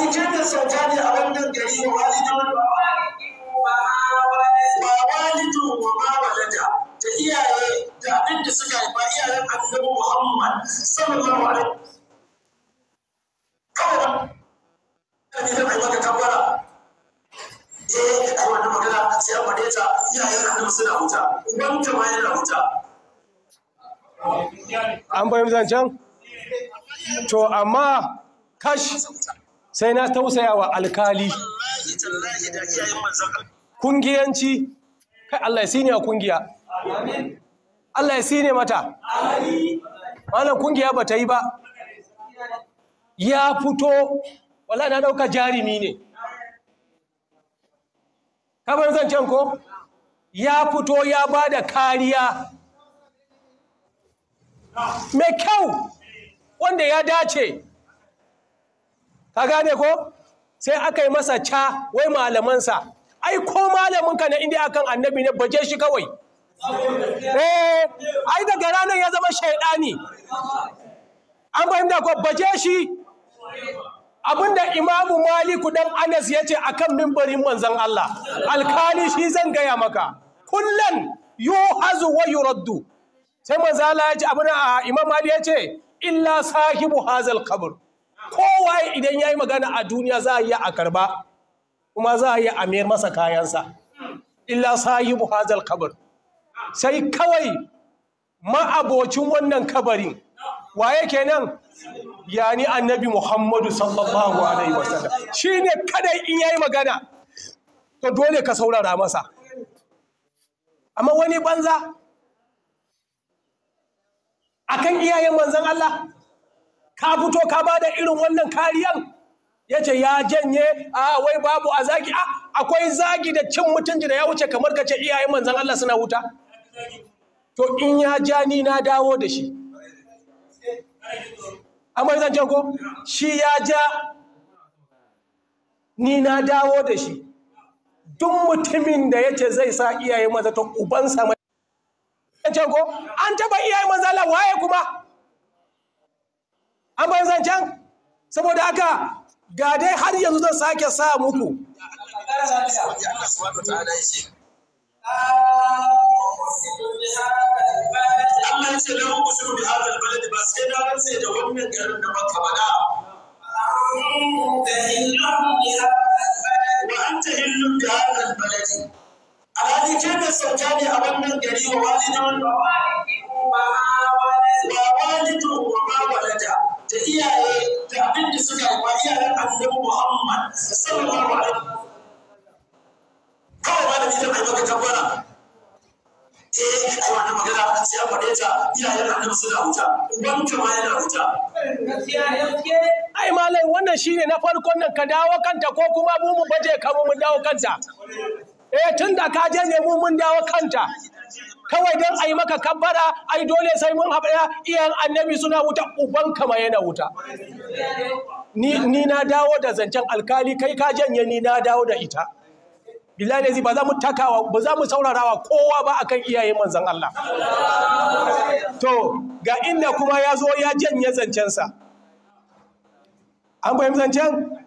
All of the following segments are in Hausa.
وعلي جبل سوكاني أبندر قريب والد ووالد وما ولد da iyaye da abin da suka haifa iyayen annabi Muhammad sallallahu alaihi kawai da ne zai maka kabbara eh ai magana sai an faɗe ta iyayen annabi suna huta uban ta ma yana huta an bayyana to amma kashi. sai na tausaya wa alkali kungiyanci kai Allah ya sine a kungiya Allah ya sine mata malam kungiya ba ta yi ba ya fito wala na dauka jarimi ne kamar can ko ya fito ya ba da kariya mai kyau wanda ya dace ka gane ko sai aka yi masa ca wai malamansa ai ko ka na indiya akan annabi ne baje shi kawai eh ai daga ranar ya zama shaidani an fahimta ko baje shi abinda imamu maliku dan anas ya ce akan mimbarin manzan Allah alkali shi zan gaya maka kullan yuhazu wa raddu sai manzo Allah ya ce abin imam mali ya ce illa sahibu hazal kabur. kowa idan ya yi magana a duniya za a yi a karba kuma za a yi a mayar masa kayansa illa sahibu hazal kabar sai kawai ma'abocin wannan kabarin waye kenan yani annabi muhammadu sallallahu alaihi wasallam ne kada in ya yi magana to dole ka saurara masa amma wani banza akan iyayen manzon Allah ka fito ka ba da irin wannan kariyan ya ce ya janye a wai babu a zagi a akwai zagi da cin mutunci da ya wuce kamar ka ce iyayen manzan Allah suna wuta to in ya ja ni na dawo da shi amma zancen ko shi ya ja ni na dawo da shi duk mutumin da ya ce zai sa iyaye maza to ubansa mai ko an taba iyaye Allah waye kuma an bayan zancen saboda haka ga dai har yanzu zan sake sa muku Allah ce da ba wannan wa ke da sauka a wannan gari da iyaye da abin da suka kuma iyayen annabi Muhammad sallallahu alaihi kawai ba da ita mai maka tabbara eh ai wannan magana sai an faɗe ta iyayen annabi suna huta, wanka ma yana huta. wuta ai malai wannan shine na farkon nan ka dawo kanta ko kuma mu mu baje kamu mun dawo kanta eh tun da ka je ne mu mun dawo kanta kawai don a yi maka kabbara ai dole sai mun haɓaya iyan annabi suna wuta uban ma yana wuta ni na dawo da zancen alkali kai ka janye ni na dawo da ita billahi ba za mu takawa ba za mu saurarawa kowa ba akan iyayen manzan Allah to ga inda kuma ya zo ya janye zancensa an fahimci zancen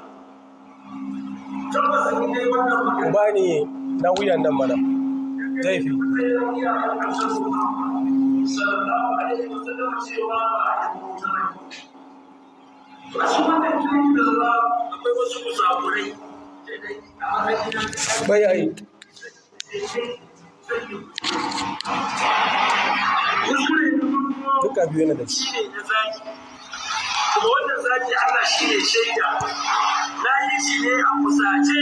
ba ni na wuyan nan mana laifi bai yi duka biyu na da shi kuma wannan zaki ana shi ne shaida na yi shi ne a kusace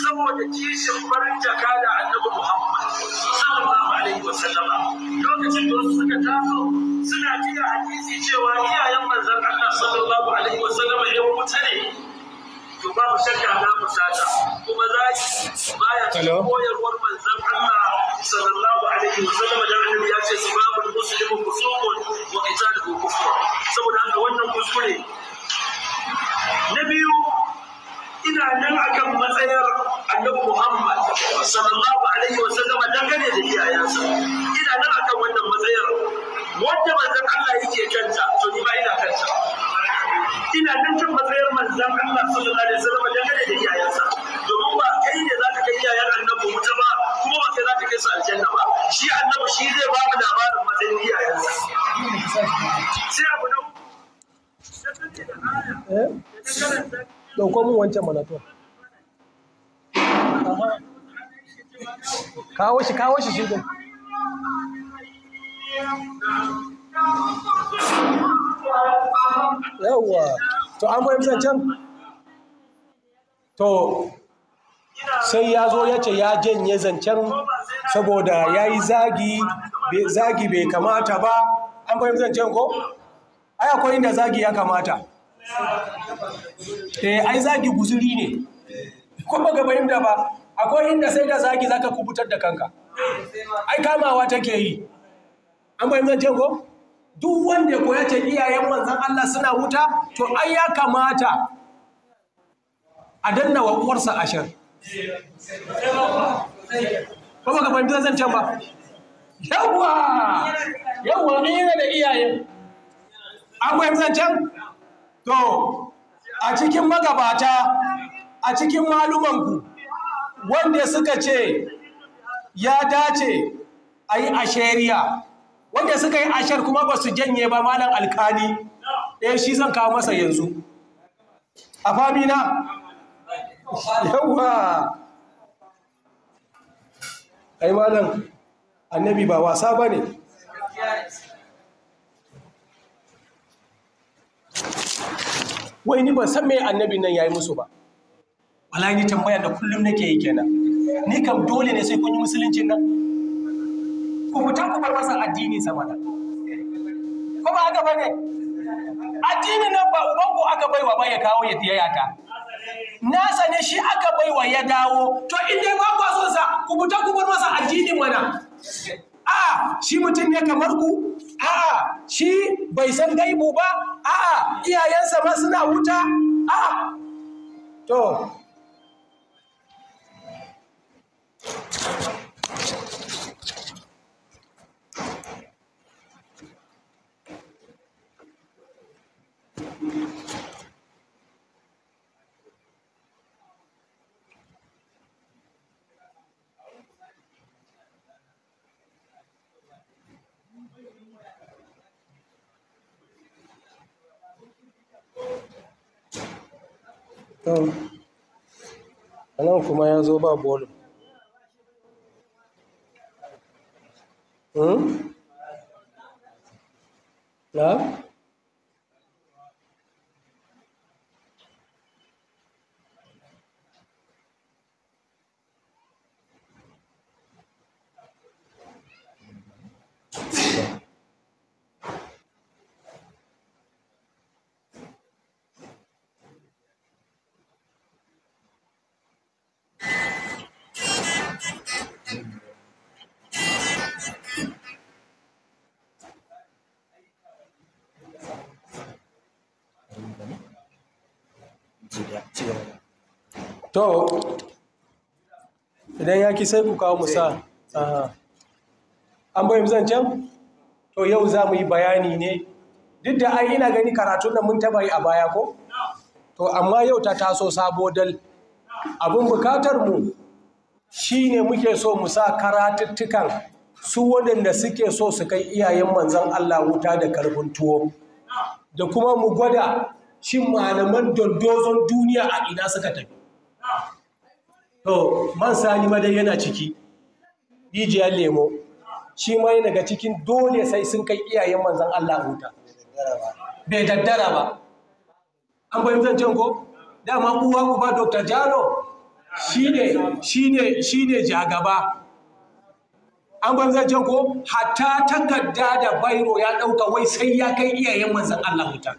saboda kishin farin jaka da annabi Muhammad sallallahu alaihi wa sallama lokacin da wasu suka taso suna jiya hadisi cewa iyayen manzon Allah sallallahu alaihi wa sallama ya wuta ne to babu shakka na kusata kuma za zaki baya cikin koyarwar manzon Allah sallallahu alaihi wa sallama da annabi ya ce sababul muslimu kusumun wa qitaluhu kufrun saboda haka wannan kuskure na biyu ina nan akan matsayar annabi Muhammad sallallahu alaihi wa sallama dangane da iyayensa ina nan akan wannan matsayar wanda manzon Allah yake kanta to ni ba ina kanta ina nan kan matsayar manzon Allah sallallahu alaihi wa sallama dangane da iyayensa domin ba kai ne zaka kai iyayen annabi wuta ba kuma ba kai zaka kai su aljanna ba shi annabi shi zai ba mu labarin matsayin iyayensa sai abu na da aya da karanta Ɗauko mun wancan manaton. Kawo shi, kawo shi shi Yawwa, to an fahimci zancen? To, sai ya zo ya ce ya janye zancen saboda ya yi zagi, zagi bai kamata ba, an fahimci zancen ko? Ai akwai inda zagi ya kamata. eh ai zagi guzuri ne ko ba ga fahimta ba akwai inda sai ka zagi zaka kubutar da kanka ai kamawa take yi an bayyana ce ko duk wanda ya koya ce iyayen manzon Allah suna wuta to ai ya kamata a danna wa uwarsa ashar ko ba ka fahimta zan can ba yawa yawa ni da iyayen an zan can to a cikin magabata a cikin malumanku wanda suka ce ya dace a yi ashariya wanda suka yi ashar kuma ba su janye ba malam alkali ɗaya eh, shi zan kawo masa yanzu a famina yawa ai malam annabi ba wasa ba ne wai ni ban san me annabi nan yayi musu ba wallahi ni tambaya da kullum nake yi kenan ni kam dole ne sai kun yi musuluncin nan ku fita ku bar masa addini sama da ko ba haka bane addinin nan ba ku aka baiwa ba ya kawo ya tiyayata Na sane shi aka baiwa ya dawo to in dai ba ku so sa ku fita ku bar masa addinin mana a'a shi mutum ne kamar ku a'a shi bai san gaibu ba a'a iyayensa ma suna wuta a'a to nan kuma ya zo ba bolin hmm? na? to idan ya ki sai ku kawo musa an bayan zancen to yau za mu yi bayani ne duk da ai ina gani karatun da mun taba yi a baya ko to amma yau ta taso sabo dal abin bukatar mu shine muke so mu sa karatuttukan su waɗanda suke so su kai iyayen manzan Allah wuta da karfin tuwo da kuma mu gwada shin malaman dondozon duniya a ina suka tafi to man sani madai yana ciki rijiyar lemo shi ma daga cikin dole sai sun kai iyayen manzan Allah huta bai daddara ba an bayan zancen ko dama uwa ba dr jalo shi ne jagaba an bayan zancen ko hatta takarda da bairo ya ɗauka wai sai ya kai iyayen manzan Allah huta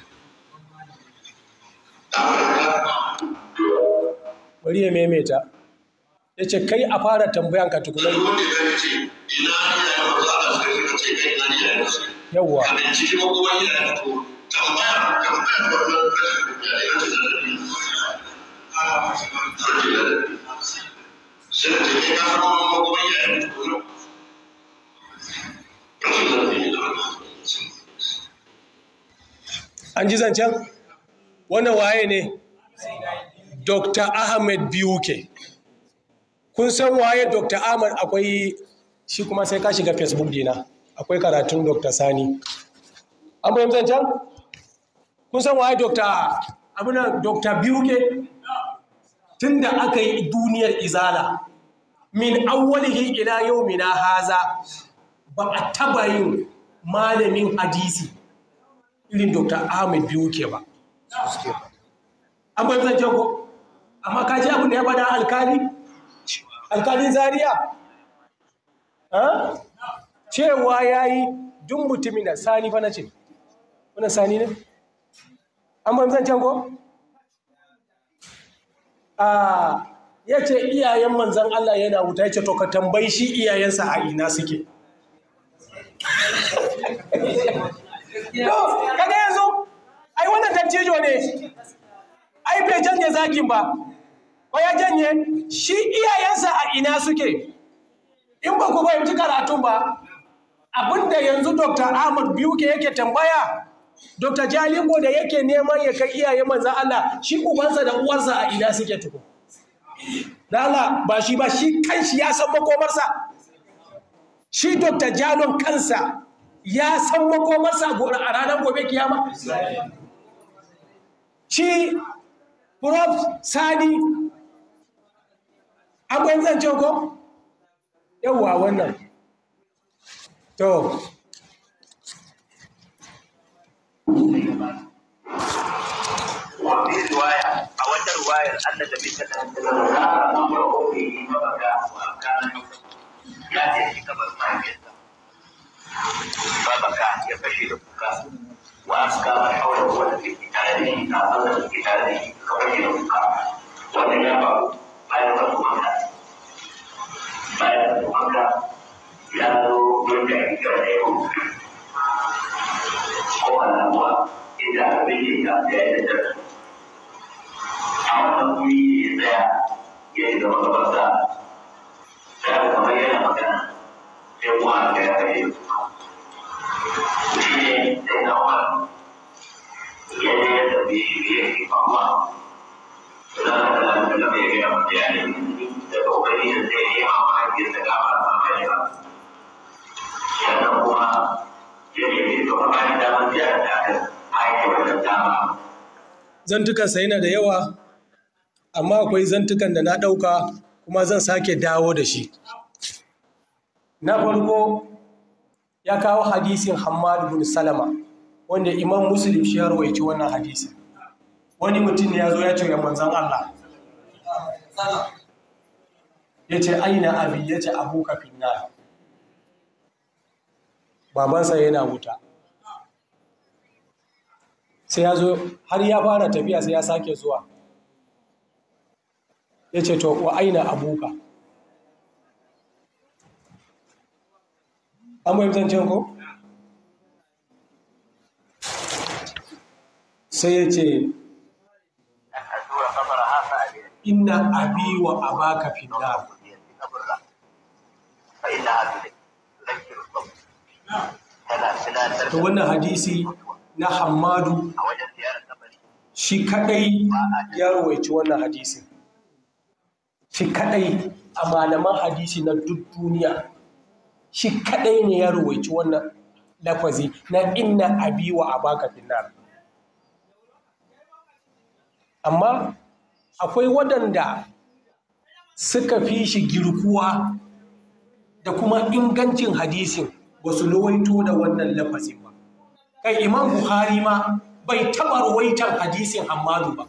bari ya maimaita ya ce kai a fara tambayan ka yawwa an ji zancen? wannan waye ne dr ahmed biuke kun san waye dr ahmed akwai shi kuma sai ka shiga facebook dina akwai karatun dr sani an bayan zancen kun san waye dr abinan dr biuke tun da aka yi duniyar izala min awwalihi ila yau mina haza ba a taba yin malamin hadisi irin dr ahmed biuke ba an bai zance ko amma ka ji abin da ya faɗa alkali alkalin zaria cewa ya yi dun mutumin da sani fa na ce wani sani ne an bai zance ko ya ce iyayen manzan Allah yana wuta ya ce to ka tambayi shi iyayensa a ina suke. Kada wannan dattijo ne ai bai janye zakin ba ko ya janye shi iyayensa a ina suke in ba ku fahimci karatun ba abinda yanzu dr ahmad biuke yake tambaya dr jalingo da yake neman ya kai iyaye manzan allah shi ubansa da uwarsa a ina suke tuku Allah ba shi ba shi kanshi ya san makomarsa shi dr jalon kansa ya san makomarsa a ranar gobe kiyama shi prof sadi akwai zance ko yawwa wannan to a ruwayar Allah da bisa ya ce shi kamar mahaifiyarsa babaka ya fashe da kuka maska kawai wani fitari na zama fitari kawai yi ruka wani ya ba bayan wani maka bayan wani maka ya zo ya yi kyau da yau kowa na kuwa ita a bayan ga ɗaya da ɗaya a wannan kuma yi ne ya yi yana magana ya ga ya zantukansa yana da yawa amma akwai zantukan da na ɗauka kuma zan sake dawo da shi na farko ya kawo hadisin hamad bin salama wanda imam muslim shi ya rawaici wannan hadisin wani mutum ne ya zo ya ce ya manzan allah ya ce aina abi ya ce abuka na. babansa yana wuta sai ya zo har ya fara tafiya sai ya sake zuwa ya ce to wa aina abuka an bai zancen ko sai ya ce inna abi wa abaka finna to wannan hadisi na Hamadu shi kaɗai ya rawaici wannan hadisin shi kaɗai a malaman hadisi na duk duniya shi kaɗai ne ya rawaici wannan lafazi na inna abi wa abaka finnar amma akwai waɗanda suka fi shi girkuwa da kuma ingancin hadisin ba su lowaito da wannan lafazi ba kai imam buhari ma bai taɓa ruwaitar hadisin Hamadu ba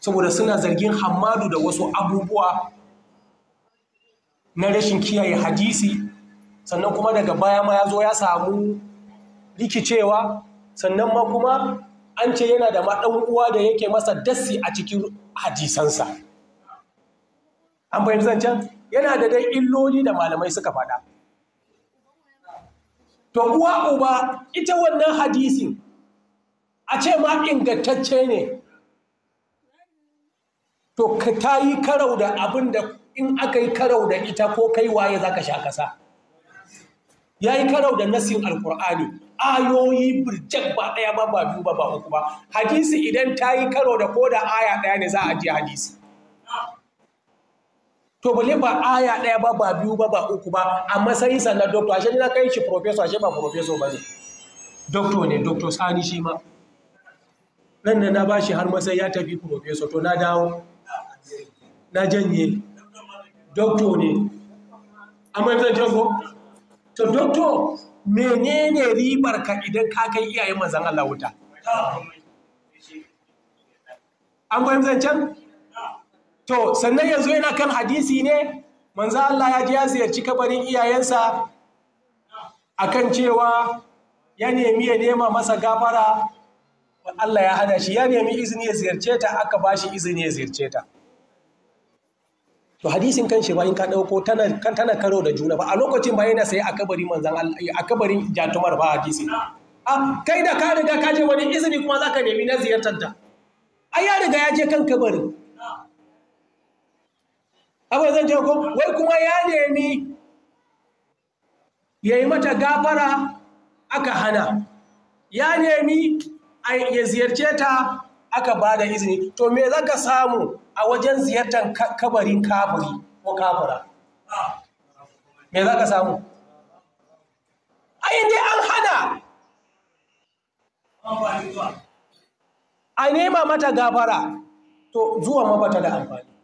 saboda suna zargin Hamadu da wasu abubuwa na rashin kiyaye hadisi sannan kuma daga baya ma ya zo ya samu rikicewa sannan ma kuma an ce yana da maɗan uwa da yake masa dasi a cikin hadisansa an bayan zancen yana da dai illoli da malamai suka faɗa to uwa uba ita wannan hadisin a ce ma ingantacce ne to ka ta yi karau da abin da in aka yi karau da ita ko kai waye za ka sha kasa ya yi karau da nasin alkur'ani ayoyi birjek ba ɗaya ba ba biyu ba ba uku hadisi idan ta yi karau da ko da aya ɗaya ne za a je hadisi to bale ba aya ɗaya ba ba biyu ba ba uku ba a matsayin sa na doctor ashe na kai shi professor ashe ba professor ba ne doctor ne doctor sani shi ma nan na ba shi har matsayi ya tafi professor to na dawo na janye doctor ne a matsayin jango to doctor menene ribar ka idan ka kai iyayen manzan Allah wuta an zan can to sannan yanzu yana kan hadisi ne manzo Allah ya ji ya ziyarci kabarin iyayensa akan cewa ya nemi ya nema masa gafara Allah ya hana shi ya nemi izini ya ziyarce ta aka ba shi izini ya ziyarce ta to hadisin kan shi bayan ka dauko tana tana karo da juna ba a lokacin ba yana sai a kabarin manzan Allah a kabarin jatumar ba hadisi a kai da ka riga ka je wani izini kuma zaka nemi na ziyartar ta ai ya riga ya je kan kabarin abuwa zan teku ko wai kuma ya nemi ya yi mata gafara aka hana ya nemi ya ziyarce ta aka ba da izini to me za ka samu a wajen ziyartar kabarin kafiri ko kafira me za ka samu ayin dai an hana a nema mata gafara to zuwa mabata da amfani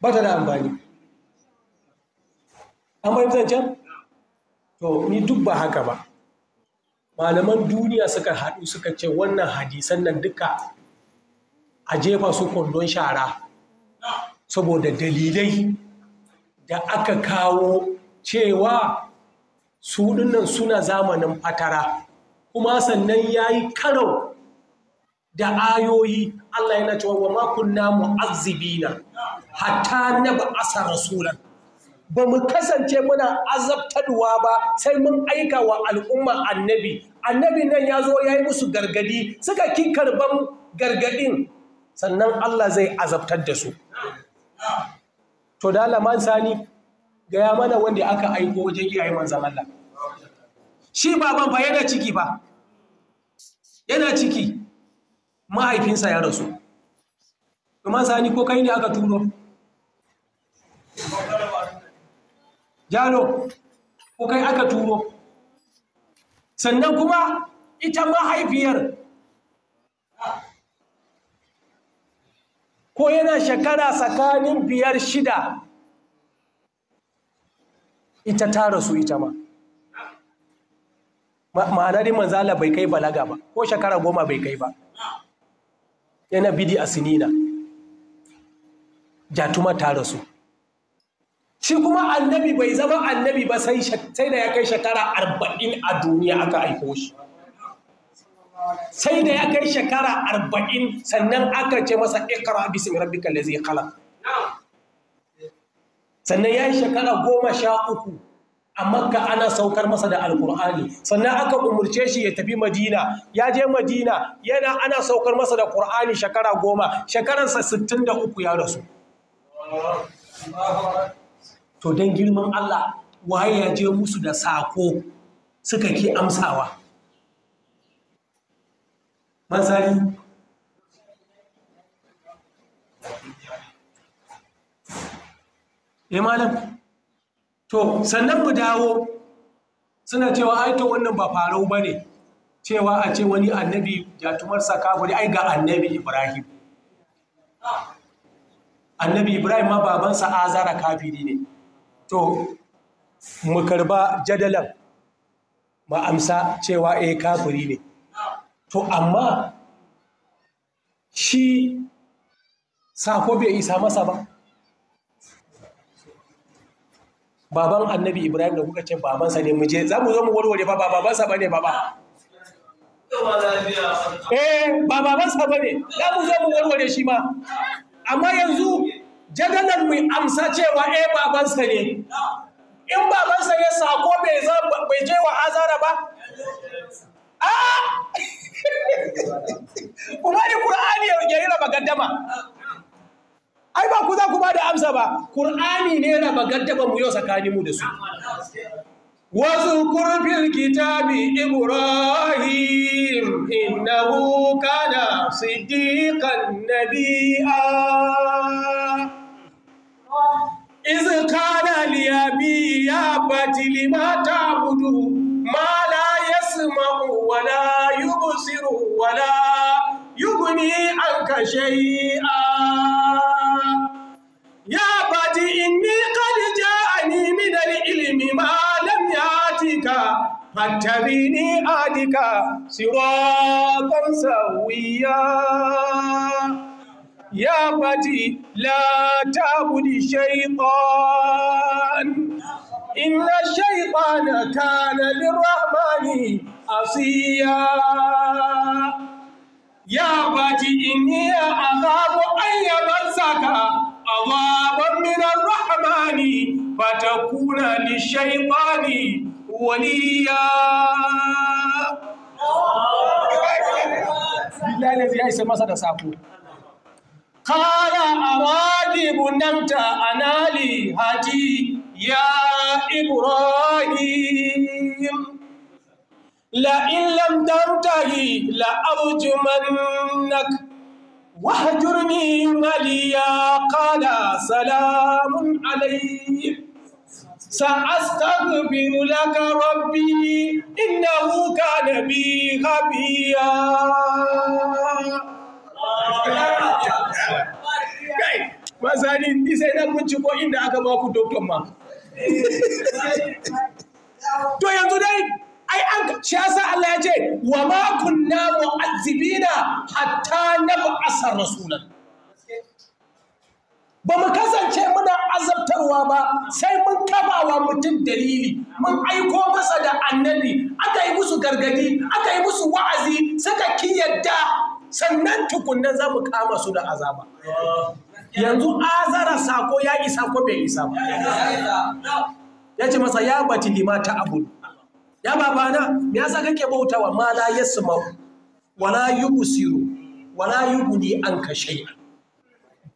ba ta da amfani an bai zancen to ni duk ba haka ba malaman duniya suka haɗu suka ce wannan hadisan nan duka a jefa su kwandon shara saboda dalilai da aka kawo cewa su dinnan suna zamanin fatara kuma sannan ya yi karau da ayoyi Allah yana cewa wa makunna na. hatta na ba asa rasulan ba mu kasance muna azabtarwa ba sai mun aika wa al'umma annabi annabi nan ya zo ya yi musu gargadi suka ki karban gargadin sannan Allah zai azabtar da su to da laman sani gaya mana wanda aka aiko wajen iyayen manzan Allah shi baban fa yana ciki ba. yana ciki mahaifinsa ya rasu laman sani ko kai ne aka turo Jalo, ko kai aka turo sannan kuma ita mahaifiyar ko yana shekara tsakanin biyar shida ita ta rasu ita ma ma'ana manzala bai kai balaga ba ko shekara goma bai kai ba yana bidi a sinina jatuma ta rasu shi kuma annabi bai zama annabi ba sai da ya kai shekara arba'in a duniya aka aiko shi sai da ya kai shekara arba'in sannan aka ce masa ikra bisin rabbika zai kala? sannan ya yi shekara goma sha uku a makka ana saukar masa da alkur'ani sannan aka umurce shi ya tafi madina ya je madina yana ana saukar masa da Ƙur'ani shekara goma shekaransa sittin da uku ya rasu to don girman Allah waye ya je musu da sako suka ke amsawa Mazari. eh to sannan mu dawo suna cewa ai to wannan ba farau ne cewa a ce wani annabi jatumarsa kafiri ai ga annabi ibrahim annabi ibrahim ma babansa azara kafiri ne to mu karba jadalan ma amsa cewa eh kafiri ne to amma shi sako bai isa masa ba baban annabi ibrahim da kuka ce babansa ne muje za mu zo mu warware ba babansa ba ne ba ba eh ba babansa ba ne za mu zo mu warware shi ma amma yanzu jadalar mu amsa cewa eh babansa ne in babansa ne sako bai je wa azara ba a kuma ni qur'ani ya yi na gaddama ai ba ku za ku ba da amsa ba qur'ani ne na gaddama mu yau sakani mu da su Wasu في الكتاب Ibrahim إنه kana صديقا nabiyya Iza kada li ya bi ya bati li ma ta budu ma la yasu ma u wala yubu siru wala yubu ni anka ya bati in mi kadi ja a ni mi dali ilimi ma dam ya tika hatta bi ni adika siro ta sauya. يا فتي لا تعبد الشيطان إن الشيطان كان للرحمن عصيا يا فتي إني أخاف أن يمسك عذابا من الرحمن فتكون للشيطان وليا Bilal ya isa masa da sako. قال أراغب أنت لي هدي يا إبراهيم لئن لم تنتهي لأرجمنك واهجرني مليا قال سلام عليك سأستغفر لك ربي إنه كان بي غبيا ba ni sai na binciko inda aka ba ku doktor ma to yanzu dai ai an shi yasa Allah ya ce wa ma kunna mu'azzibina hatta nab'asa rasulan ba mu kasance muna azabtarwa ba sai mun wa mutum dalili mun aiko masa da annabi aka yi musu gargadi aka yi musu wa'azi suka ki yadda sannan tukunna za mu kama su da azaba yanzu azara sako ya isa ko bai isa ba ya ce masa ya bati lima ta abu ya babana me sa kake bautawa ma la yasmau wala yubsiru wala yubni an kashe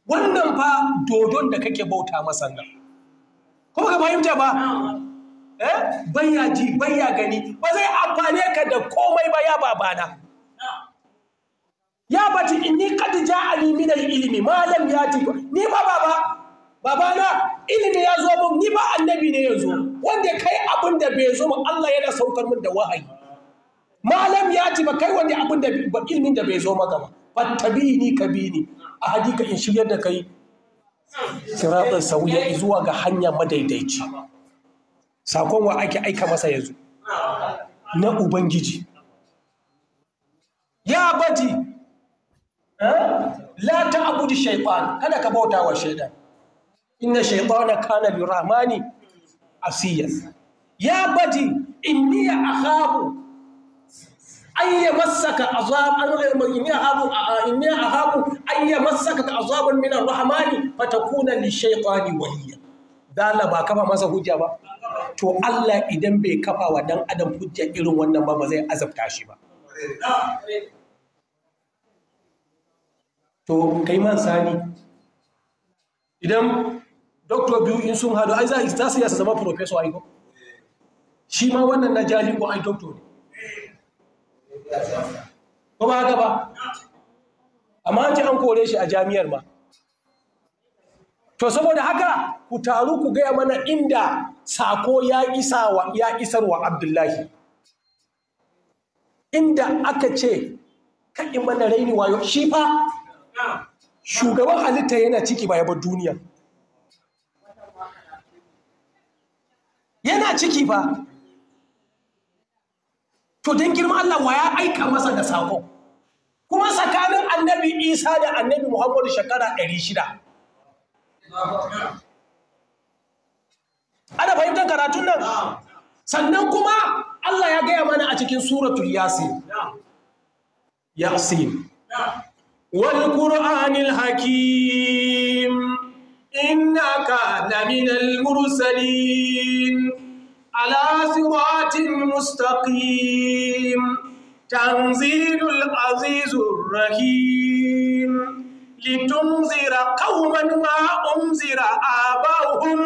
wannan fa dodon da kake bauta masa nan ko ka fahimta ba eh bayya ji bayya gani ba zai amfane ka da komai ba ya babana ya bati inni qad ja'ani min al-ilmi ma lam yati ni ba baba baba na ilmi ya zo mun ni ba annabi ne yanzu wanda kai abin da bai zo mun Allah yana saukar mun da wahayi malam ya ci ba kai wanda abin da ilmin da bai zo maka ba fattabini kabini a hadika in shigar da kai siratun sauya zuwa ga hanya madaidaici sakon wa ake aika masa yanzu na ubangiji ya baji la ta abudu shaytan kada ka bauta wa shaytan inna shaytana kana rahmani asiya ya baji inni akhafu an yamassaka azab an inni akhafu inni akhafu an yamassaka azabun min arrahmani waliya dala ba kafa masa hujja ba to Allah idan bai kafa wa dan adam hujja irin wannan ba ba zai azabta shi ba to kai man sani idan doktor biyu in sun hadu ai za su ya zama professor aiko shi ma wannan na ko ai doktor ne ko ba haka ba amma an ce an kore shi a jami'ar ba. to saboda haka ku taru ku gaya mana inda sako ya wa ya wa abdullahi inda aka ce in mana raini wayo shi fa shugaban halitta yana ciki ba ya bar duniya yana ciki ba to don girma Allah wa ya aika masa da sako kuma tsakanin annabi isa da annabi muhammadu shekara 600 ana fahimtar karatun nan sannan kuma Allah ya gaya mana a cikin suratul yasin yasin والقرآن الحكيم إنك لمن المرسلين على صراط مستقيم تنزيل العزيز الرحيم لتنذر قوما ما أنذر آباؤهم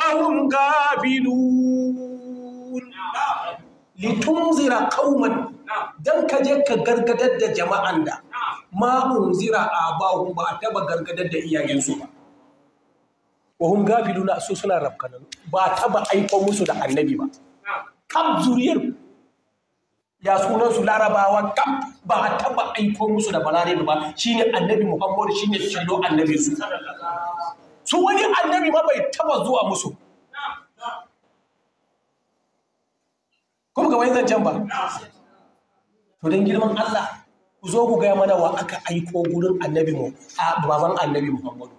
وهم غافلون لتنذر قوما دنك جك غرغدد جماعا ma unzira abahum ba taba gargadar da iyayensu ba wa hum gafiluna su suna rafkanan ba taba aiko musu da annabi ba kam zuriyar ya sunan su larabawa kam ba taba aiko musu da balare ba shine annabi muhammadu shine ne annabi su su wani annabi ma bai taba zuwa musu kuma ga wani zancen ba to don girman Allah ku zo ku gaya mana wa aka aiko gurin annabi mu a baban annabi muhammadu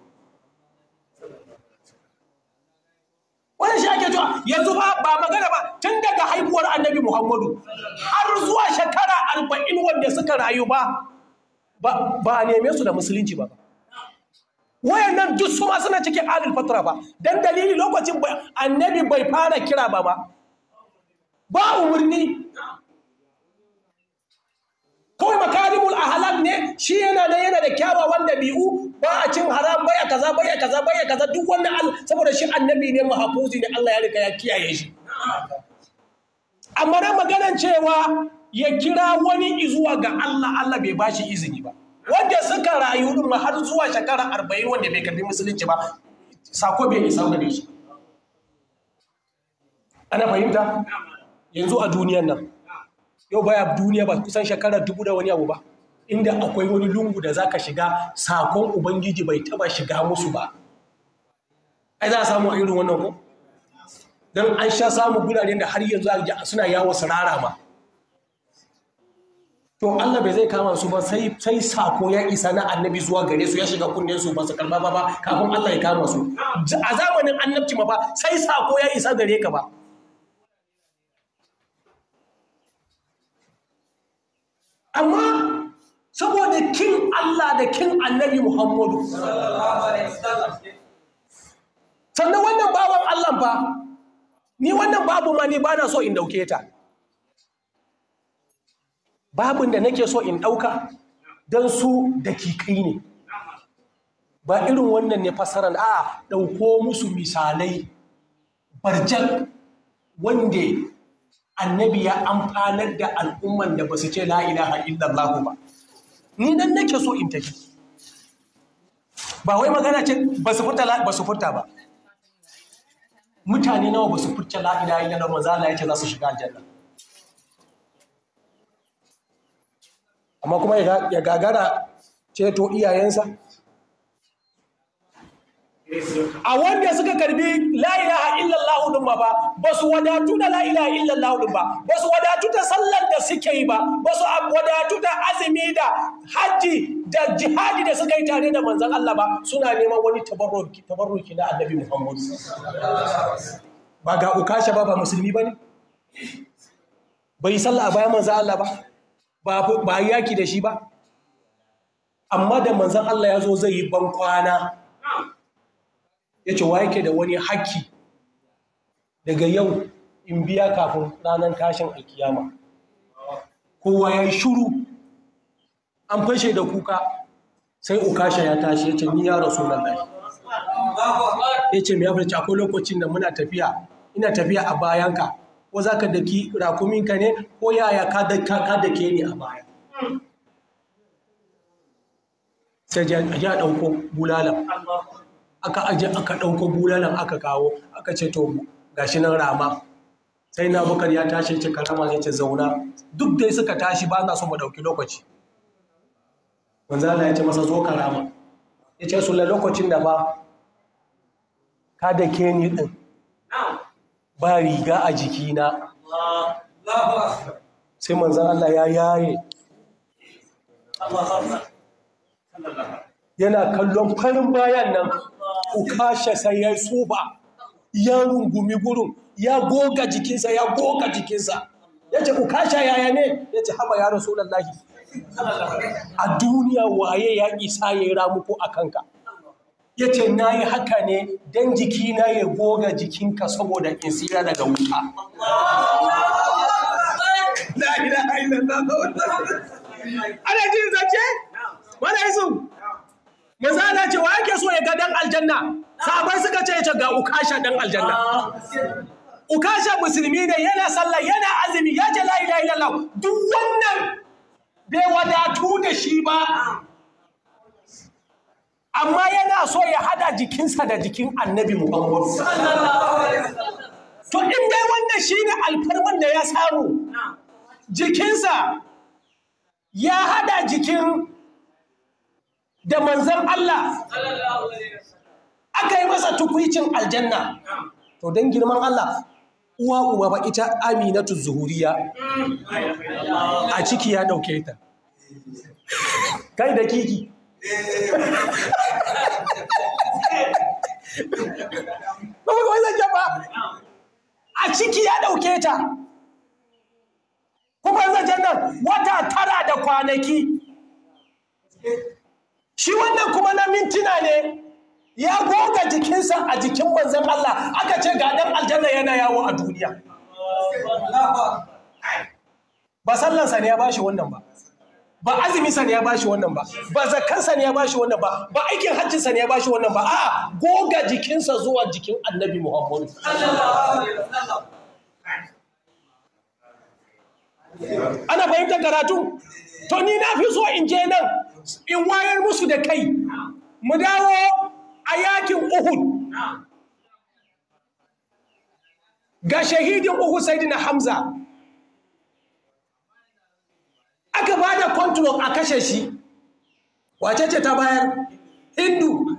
wannan shi ake cewa yanzu ba ba magana ba tun daga haihuwar annabi muhammadu har zuwa shekara arba'in wanda suka rayu ba ba a neme su da musulunci ba wayannan duk su masu suna cikin adil fatra ba dan dalili lokacin annabi bai fara kira ba ba ba umarni kawai makarimul ahlak ne shi yana da yana da kyawawan dabi'u ba a cin haram bai a kaza bai a kaza bai a kaza duk wanda al saboda shi annabi ne mahafuzi ne Allah ya riga ya kiyaye shi amma na maganan cewa ya kira wani izuwa ga Allah Allah bai bashi izini ba wanda suka rayu din har zuwa shekara arba'in wanda bai karbi musulunci ba sako bai isa ga shi ana fahimta yanzu a duniyar nan yau baya duniya ba kusan shekarar dubu da wani abu ba inda akwai wani lungu da zaka shiga sakon ubangiji bai taba shiga musu ba ai za a samu irin wannan ko don an sha samu gurare da har yanzu suna yawo sarara ma to Allah bai zai kama su ba sai sai sako ya isa na annabi zuwa gare su ya shiga kunnen su ba su karba ba kafin Allah ya kama su a zamanin annabci ma ba sai sako ya isa gare ka ba amma saboda kin Allah da kin annabi Muhammadu sannan wannan bawan Allah ba ni wannan babu ma ni bana so in dauke ta babun da nake so in dauka don su dakikai ne ba irin wannan ne fasaran a ah, dauko musu misalai barjan wanda annabi ya amfanar da al'umman da ba su ce la illallah ba ni nan nake so in tafi ba wai magana ce ba su furta ba su furta ba mutane nawa ba su furta la ilaha illallah manzo Allah yake za su shiga aljanna amma kuma ya gagara ceto iyayensa a wanda suka karbi la'ilaha ilaha illallah din ba ba su wadatu da la'ilaha ilaha illallah din ba ba su wadatu da sallar da suke yi ba ba su wadatu da azumi da hajji da jihadi da suka yi tare da manzan Allah ba suna neman wani tabarruki na annabi muhammadu ba ga ukasha ba ba musulmi ba ne? bai sallah a bayan manzan Allah ba ba ba yaki da shi ba amma da manzan Allah ya zo zai yi bankwana ya ce wa yake da wani haƙƙi daga yau in biya kafin ranar tashin alkiyama kowa ya yi shuru an fashe da kuka sai ukasha ya tashi ya ce ni ya rasu nan lahi ya ce ya farce akwai lokacin da muna tafiya ina tafiya a bayanka ko za ka daki rakuminka ne ko yaya ka dake ni a baya sai ya ɗauko bulala aka aje aka ɗauko bulalan aka kawo aka ce to gashi nan rama sai na bakar ya tashi ce karama ya ce zauna duk dai suka tashi ba na so mu ɗauki lokaci manzo Allah ya ce masa zo karama ya ce su lokacin da ba ka da ke ni ɗin ba riga a jikina sai manzan Allah ya yaye yana kallon farin bayan nan ukasha sai ya tsuba ya rungumi gurin ya goga jikinsa ya goga jikinsa ya ce kashe yaya ne ya ce haba ya lallahi. a duniya waye ya isa ya yi ramuku a kanka ya ce na yi haka ne don jikina ya goga jikinka saboda in tsira daga wuta ana jin zace? Mana yi manzo Allah ce wa yake so ya ga dan aljanna sahabbai suka ce ce ga ukasha dan aljanna ukasha musulmi ne yana sallah yana azumi ya ce la ilaha illallah duk wannan bai wadatu da shi ba amma yana so ya hada jikinsa da jikin annabi Muhammad to in dai wannan shine alfarman da ya samu jikinsa ya hada jikin da manzan Allah aka yi masa tukwicin aljanna to don girman Allah uwa uwa ba ita aminatu zuhuriya mm. a ciki ya ɗauke ta kai da kiki a ciki ya ɗauke ta kuma zan nan wata tara da kwanaki shi wannan kuma na mintuna ne ya goga jikinsa a jikin manzan Allah aka ce ga ɗan aljanna yana yawo a duniya ba sallansa ne ya bashi wannan ba ba azuminsa ne ya bashi wannan ba ba zakansa ne ya bashi wannan ba ba aikin hajjinsa ne ya bashi wannan ba a'a goga jikinsa zuwa jikin annabi muhammadu ana fahimtar karatu to ni na fi so in je nan in wayar musu da kai mu dawo a yakin uhud ga shahidin uhud saidina hamza aka ba da a kashe shi wace ce ta bayar hindu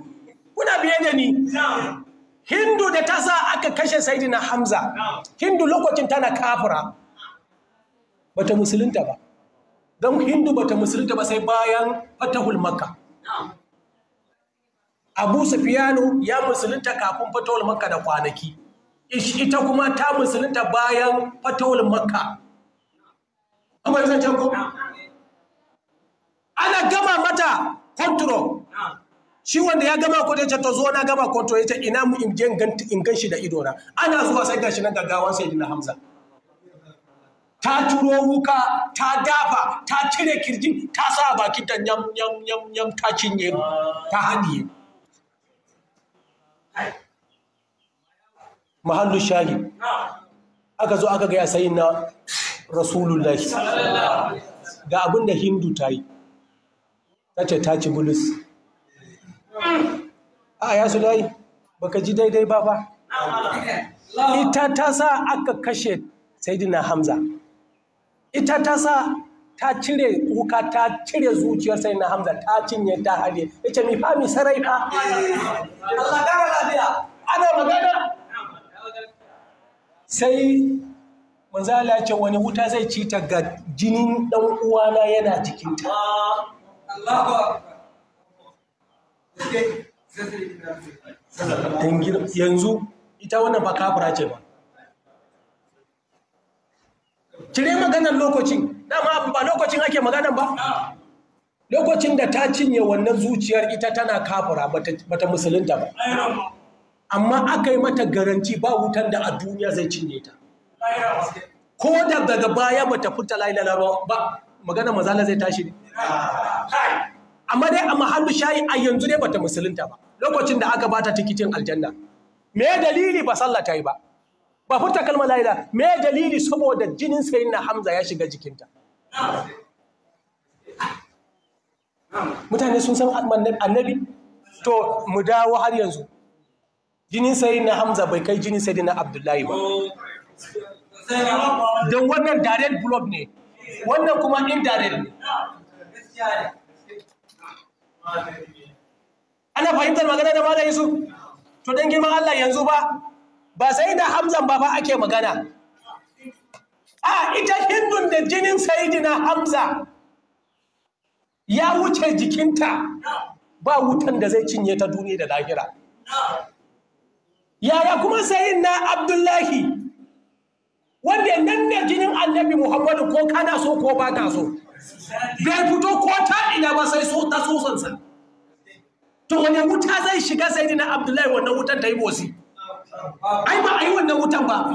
kuna biye da ni hindu da ta sa aka kashe saidina hamza hindu lokacin tana kafira bata musulunta ba don hindu bata musulunta ba sai bayan fatahul makka abu sufiyanu ya musulunta kafin fatahul makka da kwanaki ita kuma ta musulunta bayan fatahul makka kuma zan ko ana gama mata kontrol shi wanda ya gama kwaje ta ta zo na gama ya ita ina mu ingan shi da idona ana zuwa sai gashi nan gaggawan sai na hamza ta turo wuka ta dafa ta cire kirjin ta sa a baki ta nyam nyam nyam nyam ta cinye ta haniye mahallu shahi aka zo aka gaya sayin na rasulullahi ga abin da hindu ta yi ta ce ta ci bulus a ya su dai baka ji daidai ba ba ita ta sa aka kashe saidina hamza ita ta sa ta cire kuka ta cire zuciyar sai na hamza ta cinye ta hade ya ce mi fami sarai Allah kara lafiya ana magana sai manzo Allah ce wani wuta zai ci ta ga jinin dan uwana yana cikin ta yanzu ita wannan ba kafira ce ba cire maganar lokacin dama abu ba lokacin ake magana ba lokacin da ta cinye wannan zuciyar ita tana kafura bata musulunta ba amma aka yi mata garanti ba wutan da a duniya zai cinye ta ko da daga baya bata fita lailala ba magana mazala zai tashi ne amma dai a mahallu shayi a yanzu dai bata musulunta ba lokacin da aka bata tikitin aljanna me dalili ba sallah ta yi ba ba furta kalmar la ilaha me dalili saboda jinin na hamza ya shiga jikinta mutane sun san annabi to mu dawo har yanzu jinin na hamza bai kai jinin na abdullahi ba don wannan direct blog ne wannan kuma indirect ne ana fahimtar magana da malayi su to don girman Allah yanzu ba ba sai da hamzan ba fa ake magana a ita hindun da jinin sayidina hamza ya wuce jikinta ba wutan da zai cinye ta duniya da lahira yaya kuma sayin na abdullahi wanda nan ne jinin annabi muhammadu ko kana so ko ba ka so bai fito ko ta ina ba sai so ta sansa to wani wuta zai shiga sayidina abdullahi wannan wutan ta yi bosi ai ba a yi wannan wutan ba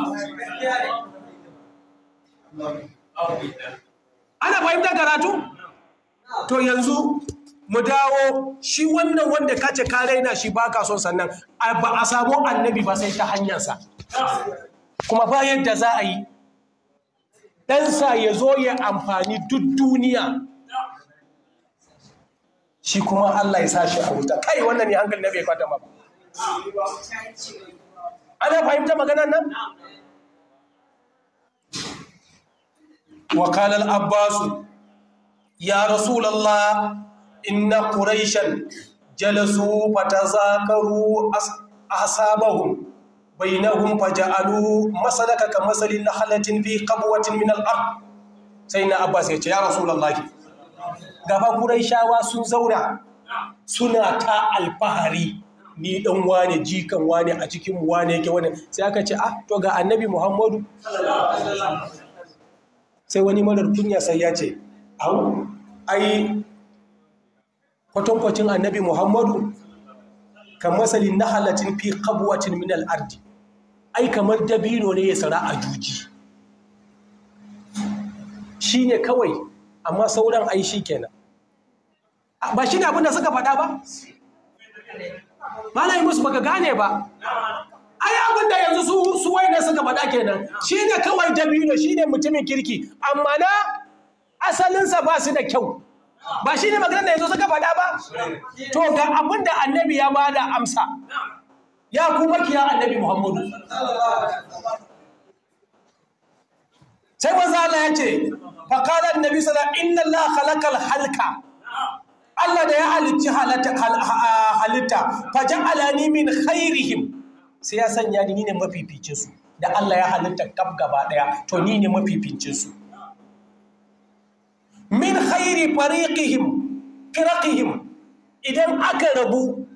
ana fahimta karatu to yanzu mu dawo shi wannan wanda kace ka raina shi baka son sannan ba a samu annabi ba sai ta hanyarsa kuma ba yadda za a yi ɗansa ya zo ya amfani duk duniya shi kuma Allah ya sa shi a wuta kai wannan ne hankali na bai kwata ba ana fahimta maganan nan wakalar abbasu ya rasulallah inna ƙuraishen jalasu fata zakaru a sabahun bai na hun faja'alu masalaka ka masalin na halittin fi kabuwatin min al'ar sai na abbas ya ce ya rasulallah gaba ƙuraishawa sun zauna suna ta alfahari ni dan wane jikan wane a cikin mu wane yake wane sai aka ce ah to ga annabi muhammadu sai wani marar kunya sai ya ce au ai kwatankwacin annabi muhammadu kan na na fi kabuwacin min ardi ai kamar dabino ne ya tsara a juji shi ne kawai amma sauran aishi kenan ba shi ne abin da suka faɗa ba yi musu baka gane ba ai abin da yanzu su suwai ne suka faɗa kenan ne kawai dabino ne mutumin kirki amma na asalinsa ba su da kyau ba shi ne maganar da yanzu suka faɗa ba to ga abin da annabi ya bada amsa ya kuma kiya annabi Muhammadu sai manzo ya ce fakalar nabi sallallahu inna Allah khalaqal halka Allah da ya halicci halitta faji alani min khairihim sai ya sanya ni ne mafificin su da Allah ya halitta kaf gaba daya to ni ne mafificin su min khairi fariqihim firaqihim idan aka rabu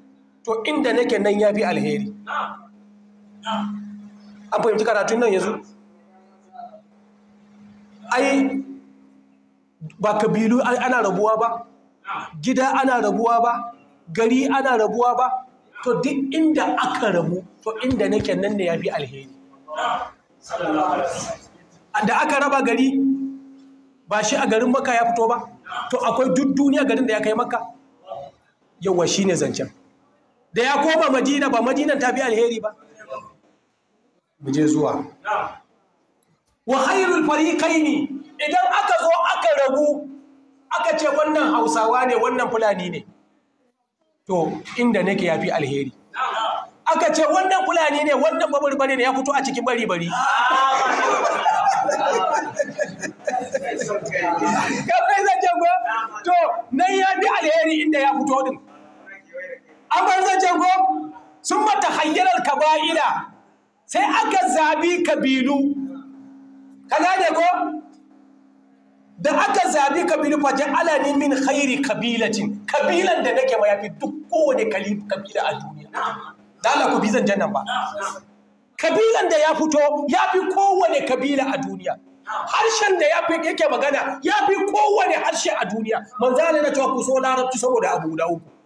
to inda nake nan ya fi alheri an fahimci karatu nan yanzu ai ba kabilu ana rabuwa ba gida ana rabuwa ba gari ana rabuwa ba to duk inda aka rabu to inda nake nan ne ya fi alheri da aka raba gari ba shi a garin maka ya fito ba to akwai duk duniya garin da ya kai maka yawa shi ne zancen da ya koma madina ba madinan ta fi alheri ba mu je zuwa wa Fari fariqaini idan aka zo aka rabu aka ce wannan hausawa ne wannan fulani ne to inda nake ya fi alheri aka ce wannan fulani ne wannan babarbare ne ya fito a cikin bari-bari kamar zace ko to nan ya fi alheri inda ya fito din amma zace ko sun mata hayyarar kaba'ila sai aka zabi kabilu Ka ne ko da aka zaɓi kabilu fa ja'ala ni min khairi kabilatin kabilan da nake ma yafi duk kowane kabila a duniya da Allah ku bi zan jannan ba kabilan da ya fito ya fi kowane kabila a duniya harshen da ya fi yake magana ya fi kowane harshe a duniya manzala na cewa ku so larabci saboda abu da uku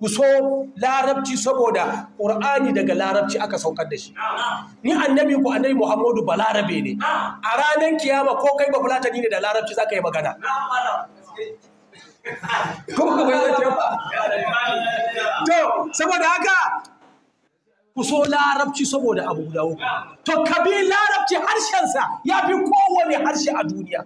Kuso larabci saboda ƙur'ani daga larabci aka saukar da shi ni annabi ku annabi muhammadu ba larabe ne a ranar kiyama ko kai ba fulatani ne da larabci za ka yi magana kuma zai ba to saboda haka kuso larabci saboda abu guda uku to kabi larabci harshensa ya fi kowane harshe a duniya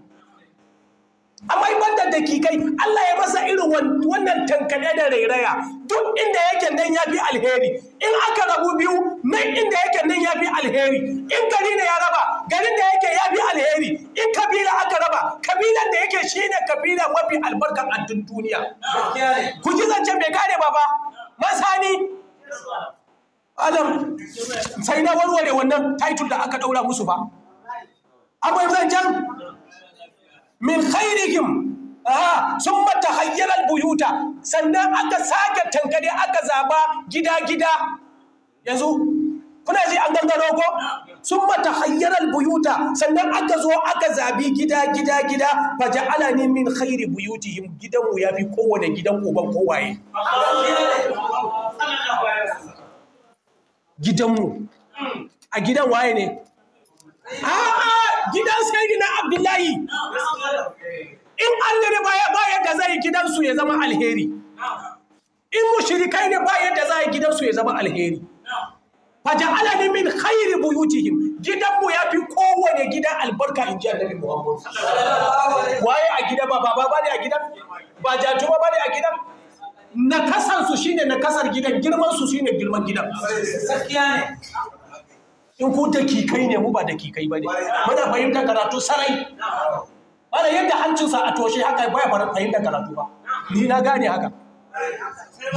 amma ibadar da kai Allah ya masa irin wannan tankaɗe da rairaya duk inda yake nan ya fi alheri in aka rabu biyu nan inda yake nan ya fi alheri in gari ne ya raba garin da yake ya fi alheri in kabila aka raba kabilan da yake shine kabila mafi albarkan a duniya ku ji zance bai gane ba ba masani alam sai na warware wannan title da aka daura musu ba akwai zancen min khairihim sun mata hayyarar buyuta sannan aka sake tankade aka zaba gida-gida yanzu kuna ji an gangaro ko sun mata hayyarar buyuta sannan aka zo aka zabi gida-gida-gida ba ja'ala ne min khairi buyutihim gidanmu ya fi kowane gidan uban kowaye gidanmu a gidan waye ne a'a gidan sayyidina abdullahi in Allah ne baya ba yadda zai gidan su ya zama alheri in mushrikai ne baya yadda zai gidan su ya zama alheri faja'alani min khairi buyutihim gidanmu ya fi kowane gidan albarka in ji annabi muhammad waye a gidan ba baba ba ne a gidan ba jajuba ba ne a gidan na su shine na kasar gidan girman su shine girman gidan in ku dakikai ne mu ba dakikai ba ne muna fahimtar karatu sarai ana yadda hancinsa a toshe haka baya ya fahimtar karatu ba ni na gane haka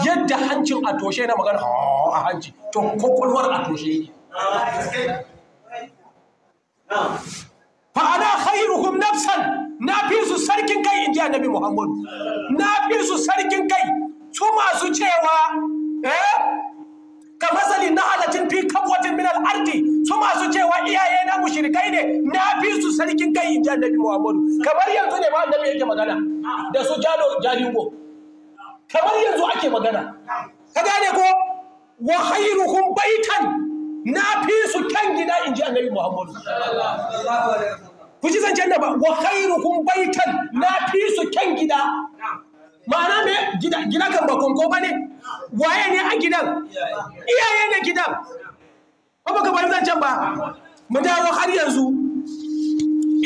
yadda hancin a toshe na magana a hanci to kwakwalwar a toshe ne fa'ana khairuhum nafsan na fi su sarkin kai in ji annabi muhammadu na fi su sarkin kai su masu cewa eh ka masali na halatin fi kabwatin minal ardi su masu cewa iyaye na mushrikai ne na fi su sarkin kai in ji annabi muhammadu kamar yanzu ne ma annabi yake magana da su jalo jalingo kamar yanzu ake magana ka gane ko wa khairukum baitan na fi su kyan gida in ji annabi muhammadu ku ji zancen da ba wa khairukum baitan na fi su kyan gida ma'ana me gida kan ba konko ba ne waye ne a gidan iyaye ne gidan ba baka bari zancen ba mu dawo har yanzu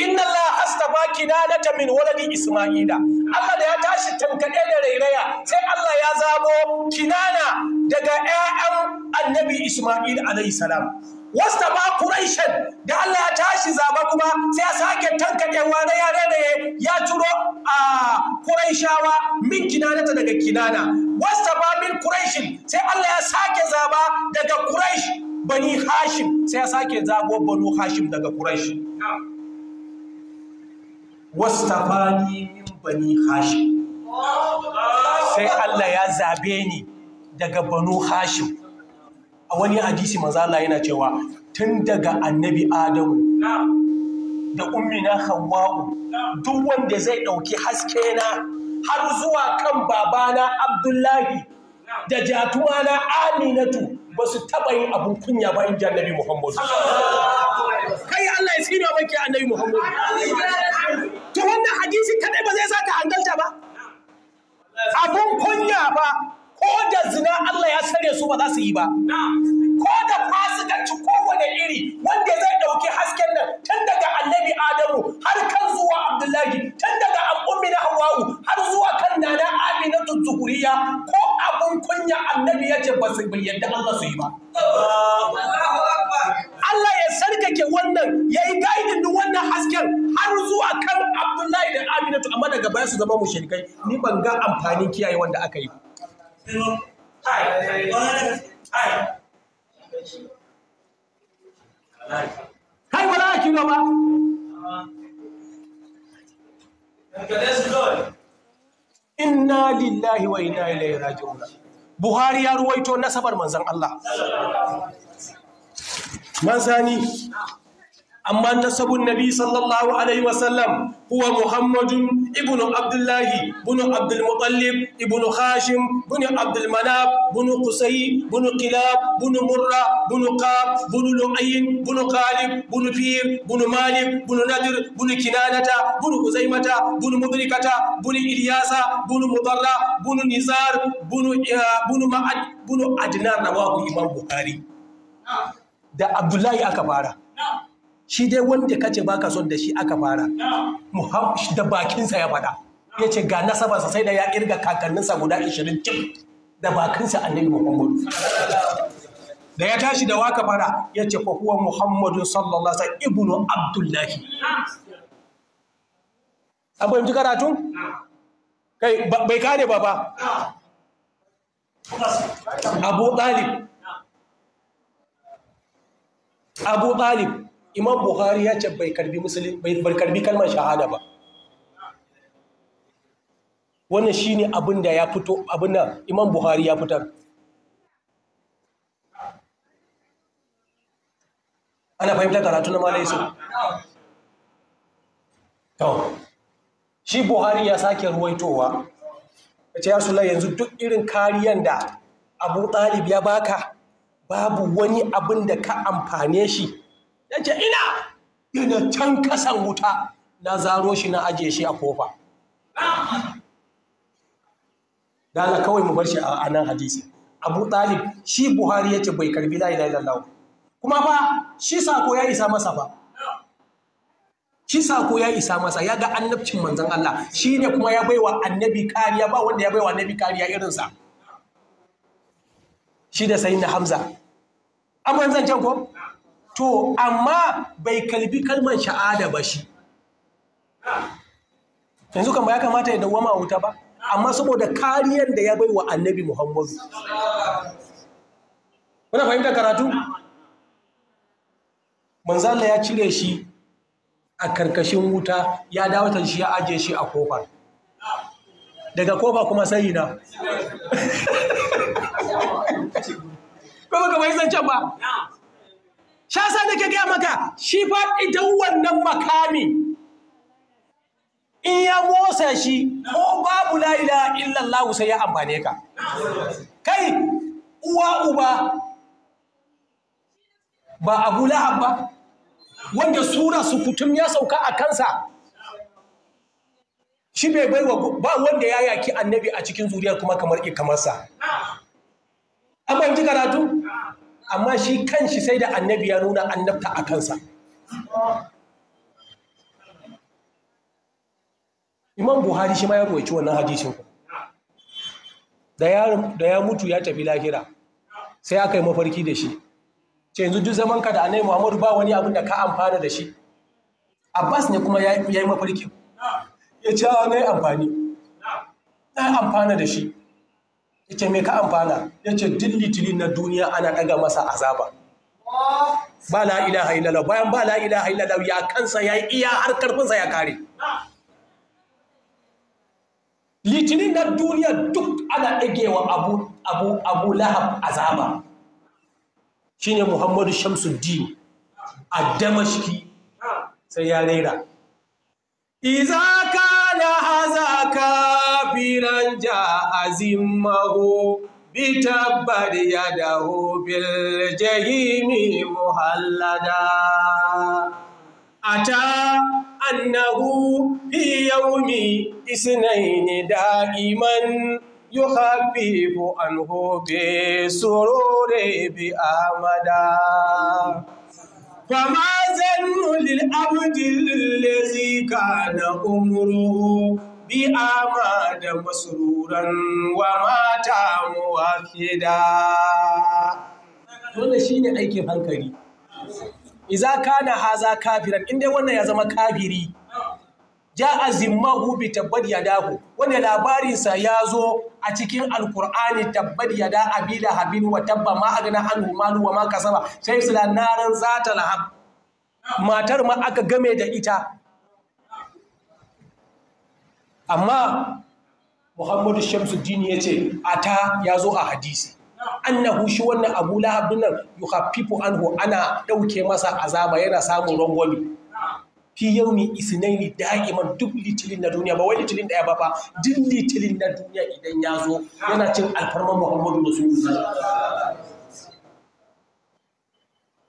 inna Allah astafa kinanata min waladi isma'ila Allah da ya tashi tankade da rairaya sai Allah ya zabo kinana daga ƴaƴan annabi isma'il alayhi salam wasta ba Quraishan da Allah ya tashi zaba kuma sai ya sake tanka tankade wani yare da ya turo a Quraishawa min kinanata daga kinana wasta ba min kuraishin sai Allah ya sake zaba daga Quraish bani Hashim sai ya sake zabo Bani Hashim daga ba ni min bani Hashim sai Allah ya zabe ni daga Bani Hashim a wani hadisi manzo Allah yana cewa tun daga annabi Adamu da ummina Hawwa'u duk wanda zai ɗauki haske na har zuwa kan babana Abdullahi da na Aminatu ba su taɓa yin abun kunya ba in ji annabi Muhammadu. Kai Allah ya tsina maki annabi Muhammadu. To wannan hadisi kadai ba zai sa ka hankalta ba? Abun kunya ba ko da zina Allah ya sare su ba za su yi ba ko da fasikanci kowane iri wanda zai ɗauki hasken nan tun daga annabi Adamu har kan zuwa Abdullahi tun daga al'ummi na Hawwa'u har zuwa kan nana Aminatu Zuhuriya ko abun kunya annabi ya ce ba su yadda Allah su yi ba Allah ya sarkake wannan ya yi gaidin wannan hasken har zuwa kan Abdullahi da Aminatu amma daga baya su zama mushrikai ni ban ga amfanin kiyaye wanda aka yi এবং I বলা যাবে kai ba za ba inna lillahi wa inna ilaihi raji'un buhari ya ruwaito nasabar manzon Allah manzani amma tasabun nabi sallallahu alaihi wasallam huwa muhammadun ibnu abdullahi Ibnu abdul ibnu hashim Ibnu abdul Ibnu bunu qusay bunu qilab bunu murra bunu qab bunu lu'ayn bunu qalib bunu fir bunu malik bunu nadir bunu kinanata bunu uzaimata bunu mudrikata bunu ilyasa bunu mudarra bunu nizar Ibnu eh, bunu ma'ad bunu adnan rawahu imam bukhari da abdullahi aka fara shi dai wanda ka ce baka son da shi aka fara da bakinsa ya faɗa ya ce ga nasabarsa sai da ya kirga kakanninsa guda 20 cif da bakinsa annabi muhammadu da ya tashi da waka fara ya ce fa huwa muhammadu sallallahu alaihi wasallam ibnu abdullahi an fahimci karatu kai bai kare ba ba abu talib abu talib imam buhari ya ce bai karbi musulun bai karbi kalmar shahada ba wannan shine abin da ya fito abin da imam buhari ya fitar ana fahimtar karatu na malai su shi buhari ya sake ruwaitowa ya ce ya sula yanzu duk irin kariyan da abu ɗalib ya baka babu wani abin da ka amfane shi yace ce ina can kasan wuta na zaro shi na ajiye shi a kofa dala kawai mu bar shi a nan hadisi abu talib shi buhari ya ce bai karbi la ilaha illallah kuma fa shi sako ya isa masa ba shi sako ya isa masa ya ga annabcin manzon Allah shi ne kuma ya baiwa annabi kariya ba wanda ya baiwa annabi kariya irinsa shi da sayin hamza an manzan can ko to amma bai kalbi kalman sha'ada ba shi yanzu kama ya kamata ya dawwama wuta ba amma saboda kariyar da ya bai wa annabi muhammadu Kuna fahimtar karatu manzala ya cire shi a karkashin wuta ya dawatar shi ya ajiye shi a kofar daga kofa kuma sai na kuma kamar yi zancen ba sha sa nake gaya maka shi fa ta wannan makami in ya motsa shi ko babu la ilaha illallah sai ya amfane ka kai uwa uba ba abu lahab ba wanda sura su kutum ya sauka a kansa shi bai baiwa ba wanda ya yaki annabi a cikin zuriyar kuma kamar ikamarsa. Aban ji karatu? amma shi kan shi sai da annabi ya nuna annabta a kansa imam buhari shi ma ya ruwaici wannan hadisin da ya mutu ya tafi lahira sai aka yi mafarki da shi ce yanzu duk zaman ka da annabi muhammadu ba wani abin da ka amfana da shi abbas ne kuma ya yi mafarki ya ce ah, ne amfani na amfana da shi Yace me ka amfana ya ce duk litinin na duniya ana ɗaga masa azaba ba la ilaha illallah bayan ba la ilaha illallah ya kansa ya iya har karfinsa ya kare litinin na duniya duk ana ɗagewa abu abu lahab azaba shine muhammadu shamsuddin a damashki sai ya rera izaka na hazaka kafiran ja azimahu bi tabbar yadahu bil jahimi muhallada ata annahu fi yawmi isnaini da'iman yuhabbibu anhu bi sururi bi amada فما زن للعبد الذي كان أمره Bi wa مسرورا da. موافدا dole shine aikin hankali iza kana haza kafiran in dai wannan ya zama kafiri ja azimmahu bi ya yadahu wanda labarin sa ya zo a cikin alqur'ani tabbad yada abila habin wa tabba ma agna anhu malu wa ma kasaba sai sula naran zata lahab matar ma aka game da ita amma muhammadu Shamsu shamsuddini ya ce a ta ya zo a hadisi annahu shi wannan abu lahab nan yukhaffifu anhu ana ɗauke masa azaba yana samun rangwami fi yaumi isnaini da'iman duk litilin na duniya ba wai litilin ɗaya ba fa duk litilin na duniya idan ya zo yana cin alfarman muhammadu rasulullah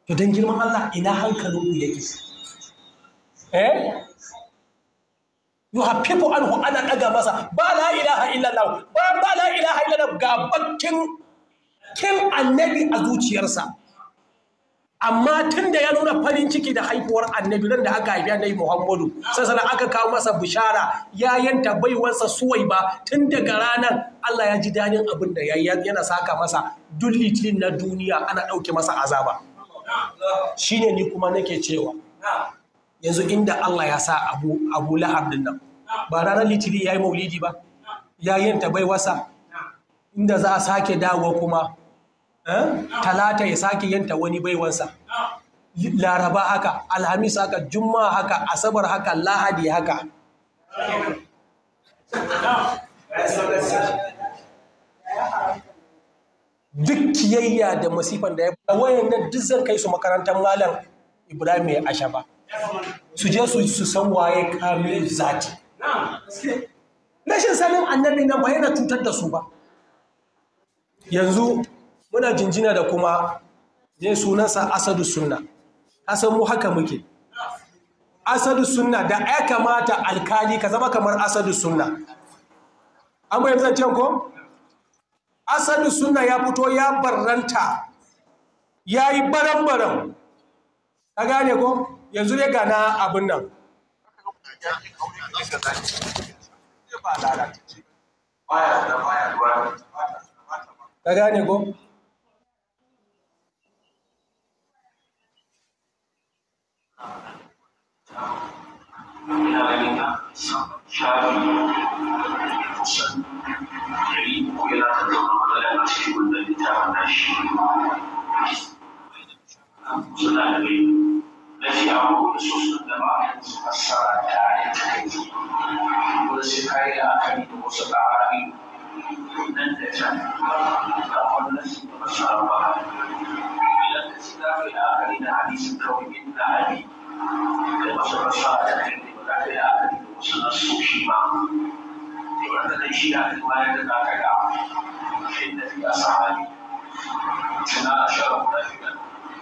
to don girman Allah ina hankalinku yake eh an anhu ana daga masa ba la ilaha illallah ba ba la ilaha illallah ga bakin kin annabi a zuciyarsa amma tun ya nuna farin ciki da haifuwar annabi nan da aka haifi annabi Muhammadu sai aka kawo masa bishara ya yanta baiwarsa suwai ba tun daga ranar Allah ya ji dadin abin da ya yana saka masa duk litinin na duniya ana ɗauke masa azaba shine ni kuma nake cewa yanzu inda Allah ya sa abu abu nan ba ranar litiri ya yi maulidi ba yayin ta bai wasa inda za a sake dawo kuma eh, talata ya sake yanta wani baiwansa laraba haka alhamis haka juma haka asabar haka lahadi haka duk kiyayya da masifan da ya wayan nan duk zan kai su makarantar malam ibrahim ya asha ba su je su san waye kamil zati rashin sanin annabi na ba yana cutar da su ba yanzu muna jinjina da kuma ne sunansa asadu sunna asan mu haka muke asadu sunna da ya kamata alkali ka zama kamar asadu sunna an bayan zancen ko? asadu sunna ya fito ya barranta ya yi baran-baran ka gane ko? yanzu ne gana abin nan ka gane ko Thank you. التي أمر نصوص الجماعة الصلاة على ولسكاية أكمل وسبع عامين ننتج تقول نفسي بشر واحد إلى الاستدافع آخرين حديث الكون من أبي لبشر الصلاة الكريم ولكن آخرين وصل الصوفي معه ولكن الشيعة رواية ذاك العام إن في أصحابي اثنا عشر منافقا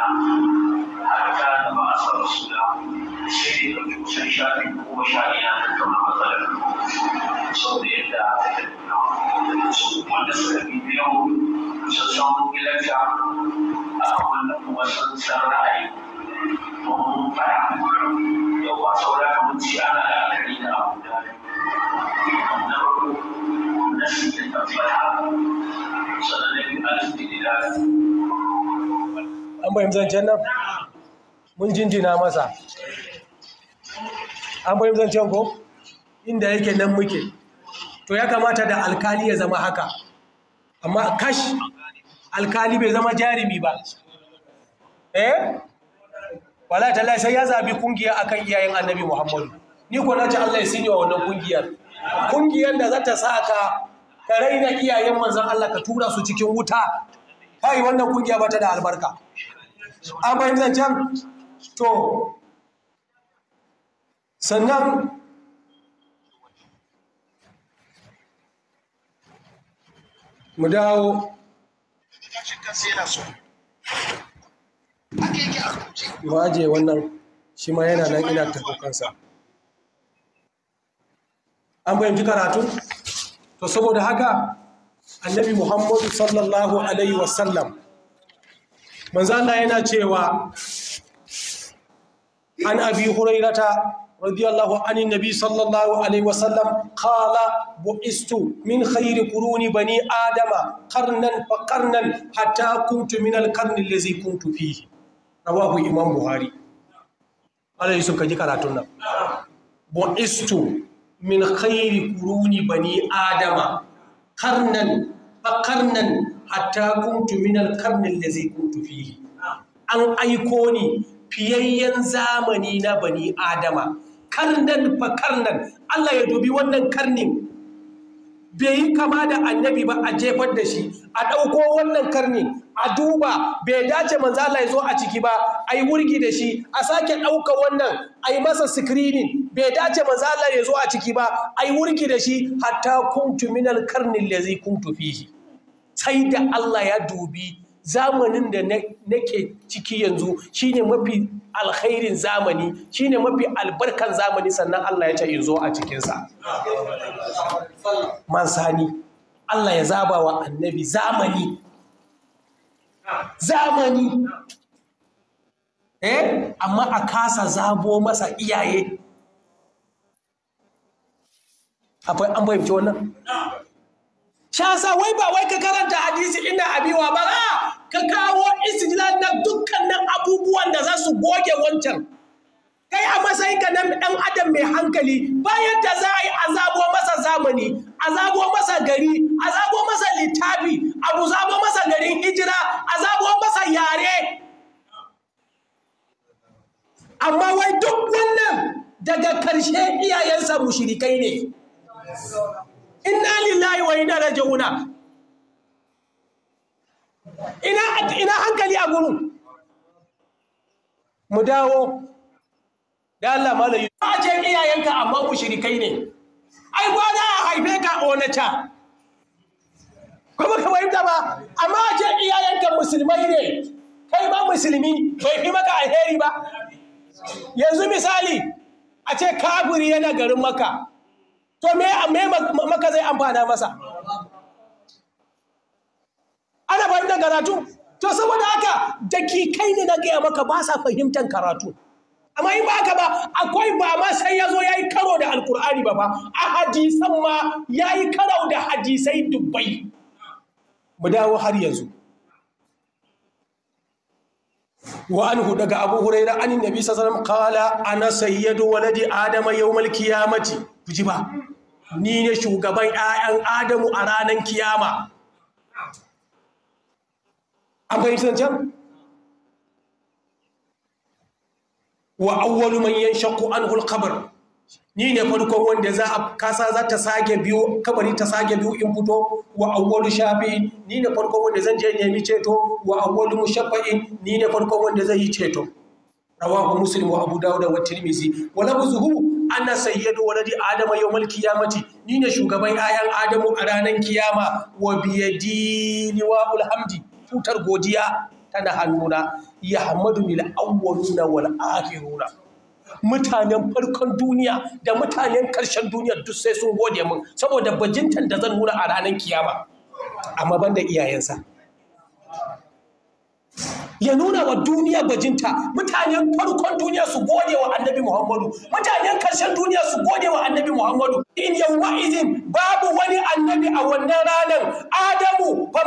هكذا بعث رسولا سيد ربك سنشاتك وشاريا كما مثلا صوت يدعى wanda suka bibi yau sun san gidansa a wanda kuma sun san ra'ayi domin fara yau ba saura kamar ci ana da akari da abu da na farko na siya tabbata sannan na biyu arziki da an bayan zancen nan mun jinjina masa an bayan zancen ko inda yake nan muke to ya kamata da alkali ya zama haka amma kash alkali bai zama jarumi ba eh wala ta sai ya zabi kungiya akan iyayen annabi muhammadu ni ko na ci allah ya sinya wannan kungiyar kungiyar da za ta sa ka ka raina iyayen manzan allah ka tura su cikin wuta kai wannan kungiya ba ta da albarka an fahimta can to sannan mu dawo mu ajiye wannan shi ma yana nan ina tafokansa an fahimci karatu to saboda haka annabi muhammadu sallallahu alaihi wasallam manzo Allah yana cewa an abi hurairata radiyallahu anhu nabi sallallahu alaihi wasallam qala bu'istu min khairi quruni bani adama qarnan fa qarnan hatta kuntu min al-qarn allazi kuntu fihi rawahu imam buhari Allah yusuf kaji karatun nan bu'istu min khairi quruni bani adama qarnan fa qarnan hatta kuntu minal karnin da zai kuntu fihi an aiko ni fiyayyen zamani na bani adama karnan fa karnan Allah ya dubi wannan karnin bai yi kama da annabi ba a jefar da shi a ɗauko wannan karni a duba bai dace manzo Allah ya zo a ciki ba a yi wurgi da shi a sake ɗauka wannan a yi masa sikirinin, bai dace manzo Allah ya zo a ciki ba a yi wurgi da shi hatta kuntu minal karnin lazi kuntu fihi sai da Allah ya dubi zamanin da nake ciki yanzu shine mafi alkhairin zamani shine mafi albarkan zamani sannan Allah ya ce in zo a cikinsa Man sani, Allah ya zaba wa annabi zamani zamani eh amma a kasa zabo masa iyaye akwai an fahimci wannan shasa wai ba wai ka karanta hadisi ina abiwa ba ra ka kawo istidlal na dukkanin abubuwan da za su goge wancan kai a matsayin ka na dan adam mai hankali bayan da za a yi azabo masa zamani azabo masa gari azabo masa littafi abu zabo masa garin hijira azabo masa yare amma wai duk wannan daga karshe iyayensa mushrikai ne inna lillahi wa inna raji'una ina ina hankali a gurin mu dawo da Allah malayi ba je iyayenka amma ku shirikai ne ai gwada a haife ka onacha kuma kai wanda ba amma a iyayenka musulmai ne kai ba musulmi bai fi maka alheri ba yanzu misali a ce kafiri yana garin maka to me maka zai amfana masa ana da karatu to saboda haka dakikai ne na gaya maka ba sa fahimtar karatu amma in ba haka ba akwai ba ma sai ya zo ya yi karo da alkur'ani ba ba a hadisan ma ya yi karo da hadisai dubbai mu dawo har yanzu wa anhu daga abu huraira anin nabi sallallahu alaihi wasallam qala ana sayyidu waladi adama yawmal qiyamati fiji ba ni ne shugaban 'ya'yan adamu a ranar kiyama an fahimci can wa awwalu man shakku an al ni ne farkon wanda za a kasa za ta sage biyu kabari ta sage biyu in fito wa awwalu shafi ni ne farkon wanda zan je nemi ceto wa awwalu mushaffa'in ni ne farkon wanda zai yi ceto rawahu muslim wa abu dawud wa tirmizi wa lafzuhu ana sayyadu waladi adama ya qiyamati ni ne shugaban 'ya'yan adamu a ranar kiyama wa biyadi wa alhamdi. tutar godiya tana hannuna ya hamadu lil la'awwaluna wa akhiruna mutanen farkon duniya da mutanen karshen duniya duk sai sun gode min saboda bajintan da zan nuna a ranar kiyama amma da iyayensa ya nuna wa duniya bajinta mutanen farkon duniya su gode wa annabi Muhammadu mutanen karshen duniya su gode wa annabi Muhammadu in yawma izin babu wani annabi a wannan ranar Adamu fa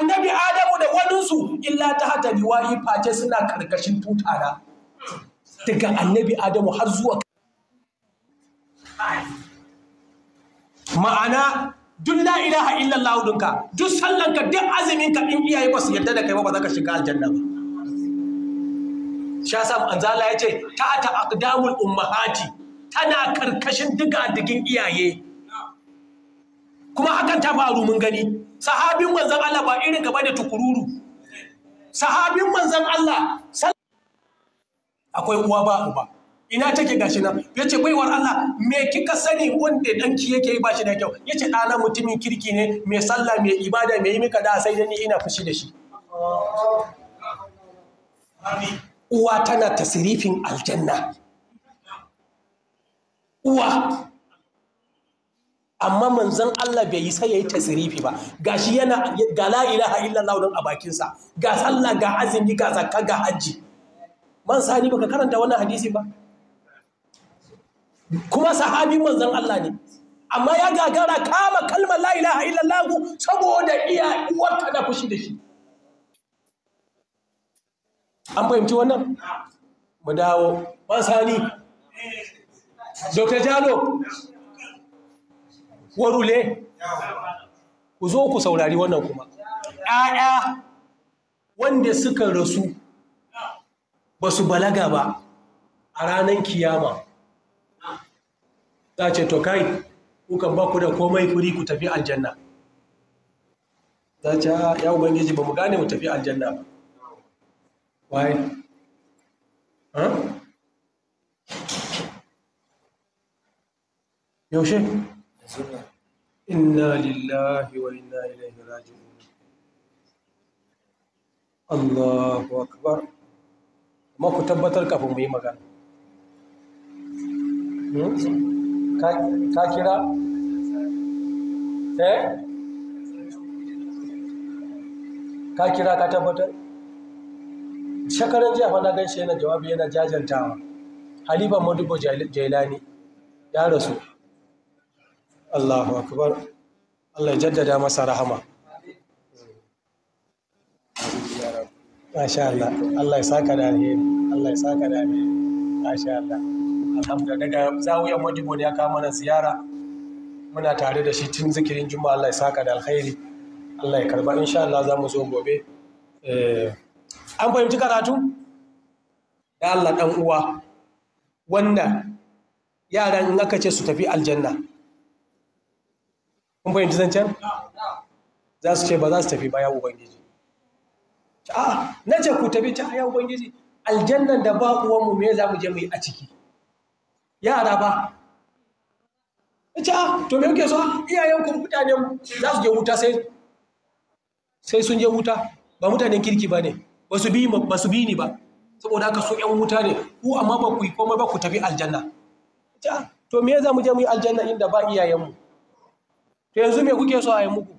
annabi Adamu da waninsu illa ta hata liwayi face suna karkashin tutara daga annabi Adamu har zuwa ma'ana duk la ilaha illallah dinka duk ka duk azumin ka in iyaye ba su yarda da kai ba za ka shiga aljanna ba Shasam Anzala ya ce ta ta aqdamul ummahati tana karkashin duka dukin iyaye kuma hakan ta faru mun gani sahabin manzon Allah ba irin gaba da tukururu sahabin manzon Allah akwai uwa ba uba ina take gashi nan yace baiwar Allah me kika sani wanda danki yake yi bashi da kyau yace ɗana mutumin kirki ne mai sallah mai ibada mai yi mika da sai dai ni ina fushi da shi uwa tana tasirifin aljanna uwa amma manzon Allah bai yi sai yayi tasirifi ba gashi yana ga la ilaha illallah don a bakin sa ga sallah ga azumi ga zakka ga haji man sani baka karanta wannan hadisi ba kuma sahabi manzan Allah ne amma ya gagara kama kalmar la ilaha illallah saboda iya uwarka da fushi da shi an fahimci wannan mu dawo ban sani dr jalo warule ku zo ku saurari wannan kuma ‘ya'ya wanda suka rasu ba su balaga ba a ranar kiyama za a ce to kai kukan ba ku da komai kuri ku tafi aljanna za a ce ah, ya ubangiji ba mu gane mu tafi aljanna ba waye yaushe inna lillahi wa inna ilaihi raji'un Allahu akbar amma ku tabbatar kafin mu yi magana hmm? Eh? ka kira ka tabbatar shekaran jiya fa na gan shi yana jawabi yana jajantawa haliban madubo jailani ya rasu Allahu akbar Allah ya jaddada masa rahama Masha Allah Allah ya saka da alheri Allah ya saka da alheri Allah alhamdulillah daga zawiyar modibo ya kawo mana ziyara muna tare da shi tun zikirin juma'a Allah ya saka da alkhairi Allah ya karba insha Allah za mu zo gobe eh, an fahimci karatu da Allah dan uwa wanda yaran in aka ce su tafi aljanna kun fahimci zancen za su ce ba za su tafi ba ya ubangiji a na ce ku tafi ta ya ubangiji aljannan da ba uwanmu me za mu je mu yi a ciki yara ba ita ah, to me kuke so ah, iyayen ku mutanen za su je wuta sai sai sun je wuta ba mutanen kirki ba ne ba su bi ba su bi ni ba saboda haka so yan wuta ne ku amma ba ku yi komai ba ku tafi aljanna ita ah, to me za mu je mu yi aljanna inda ba iyayen mu to yanzu me kuke so a yi muku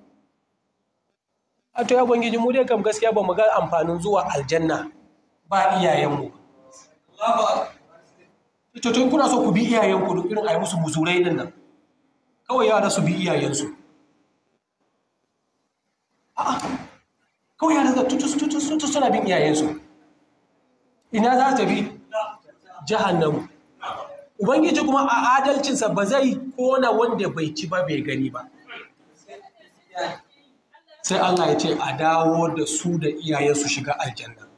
a to ya bangiji mu dai kam gaskiya ba mu ga amfanin zuwa aljanna ba iyayen mu ba ita kuna so ku bi iyayen ku duk irin ayi musu musurai din nan kawai yara su bi iyayensu a'a kawai yara da tutu-tutu suna bin iyayensu ina za ta bi jahannamu ubangiji kuma a adalcinsa ba zai kona wanda bai ci ba bai gani ba sai Allah ya ce a dawo da su da iyayensu shiga aljanna.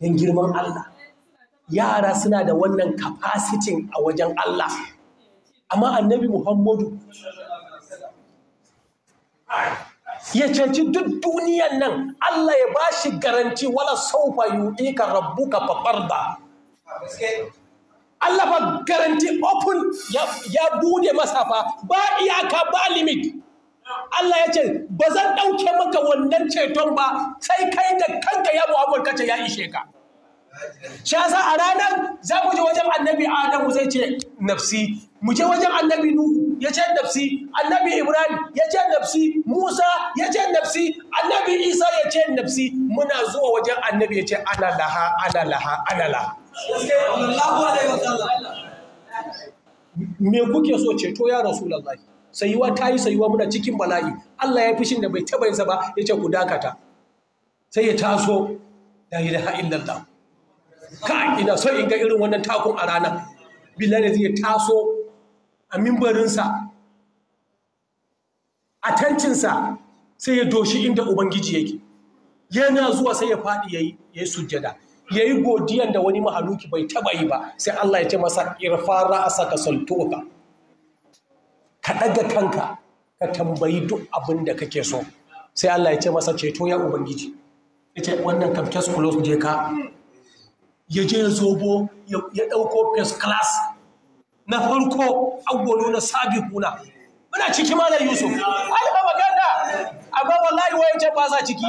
Yan girman Allah. yara suna da wannan kafasitin a wajen Allah amma annabi Muhammadu ya ceci duk duniyan nan Allah ya ba shi garanti wala saufa yu'ika rabbuka ba. Allah ba garanti open ya bude masa fa ba iyaka ba limit Allah ya ce ba zan ɗauke maka wannan ceton ba sai kai da kanka ya Muhammad kace ya ishe ka shi a ranar za mu je wajen annabi adamu zai ce nafsi mu je wajen annabi nuhu ya ce nafsi annabi ibrahim ya ce nafsi musa ya ce nafsi annabi isa ya ce nafsi muna zuwa wajen annabi ya ce ana laha ana laha ana laha me kuke so ceto ya rasulullahi sayuwa ta yi sayuwa muna cikin bala'i Allah ya fi shi da bai taba yinsa ba ya ce ku dakata sai ya taso la ilaha illallah ka'ina so in ga irin wannan takun a rana bilal zai taso a mimbarinsa a tancinsa sai ya doshi inda ubangiji yake yana zuwa sai ya faɗi yayi yayi sujjada yayi godiyan da wani mahaluki bai taba yi ba sai Allah ya ce masa irfa ra'asaka saltuka ka ɗaga kanka ka tambayi duk abin da kake so sai Allah ya ce masa ceto ya ubangiji yace wannan kam close je ka ya je ya zobo ya ɗauko first class na farko agwalo na sabi kuna muna ciki malam yusuf alba maganda magana amma wallahi wa ce ba za ciki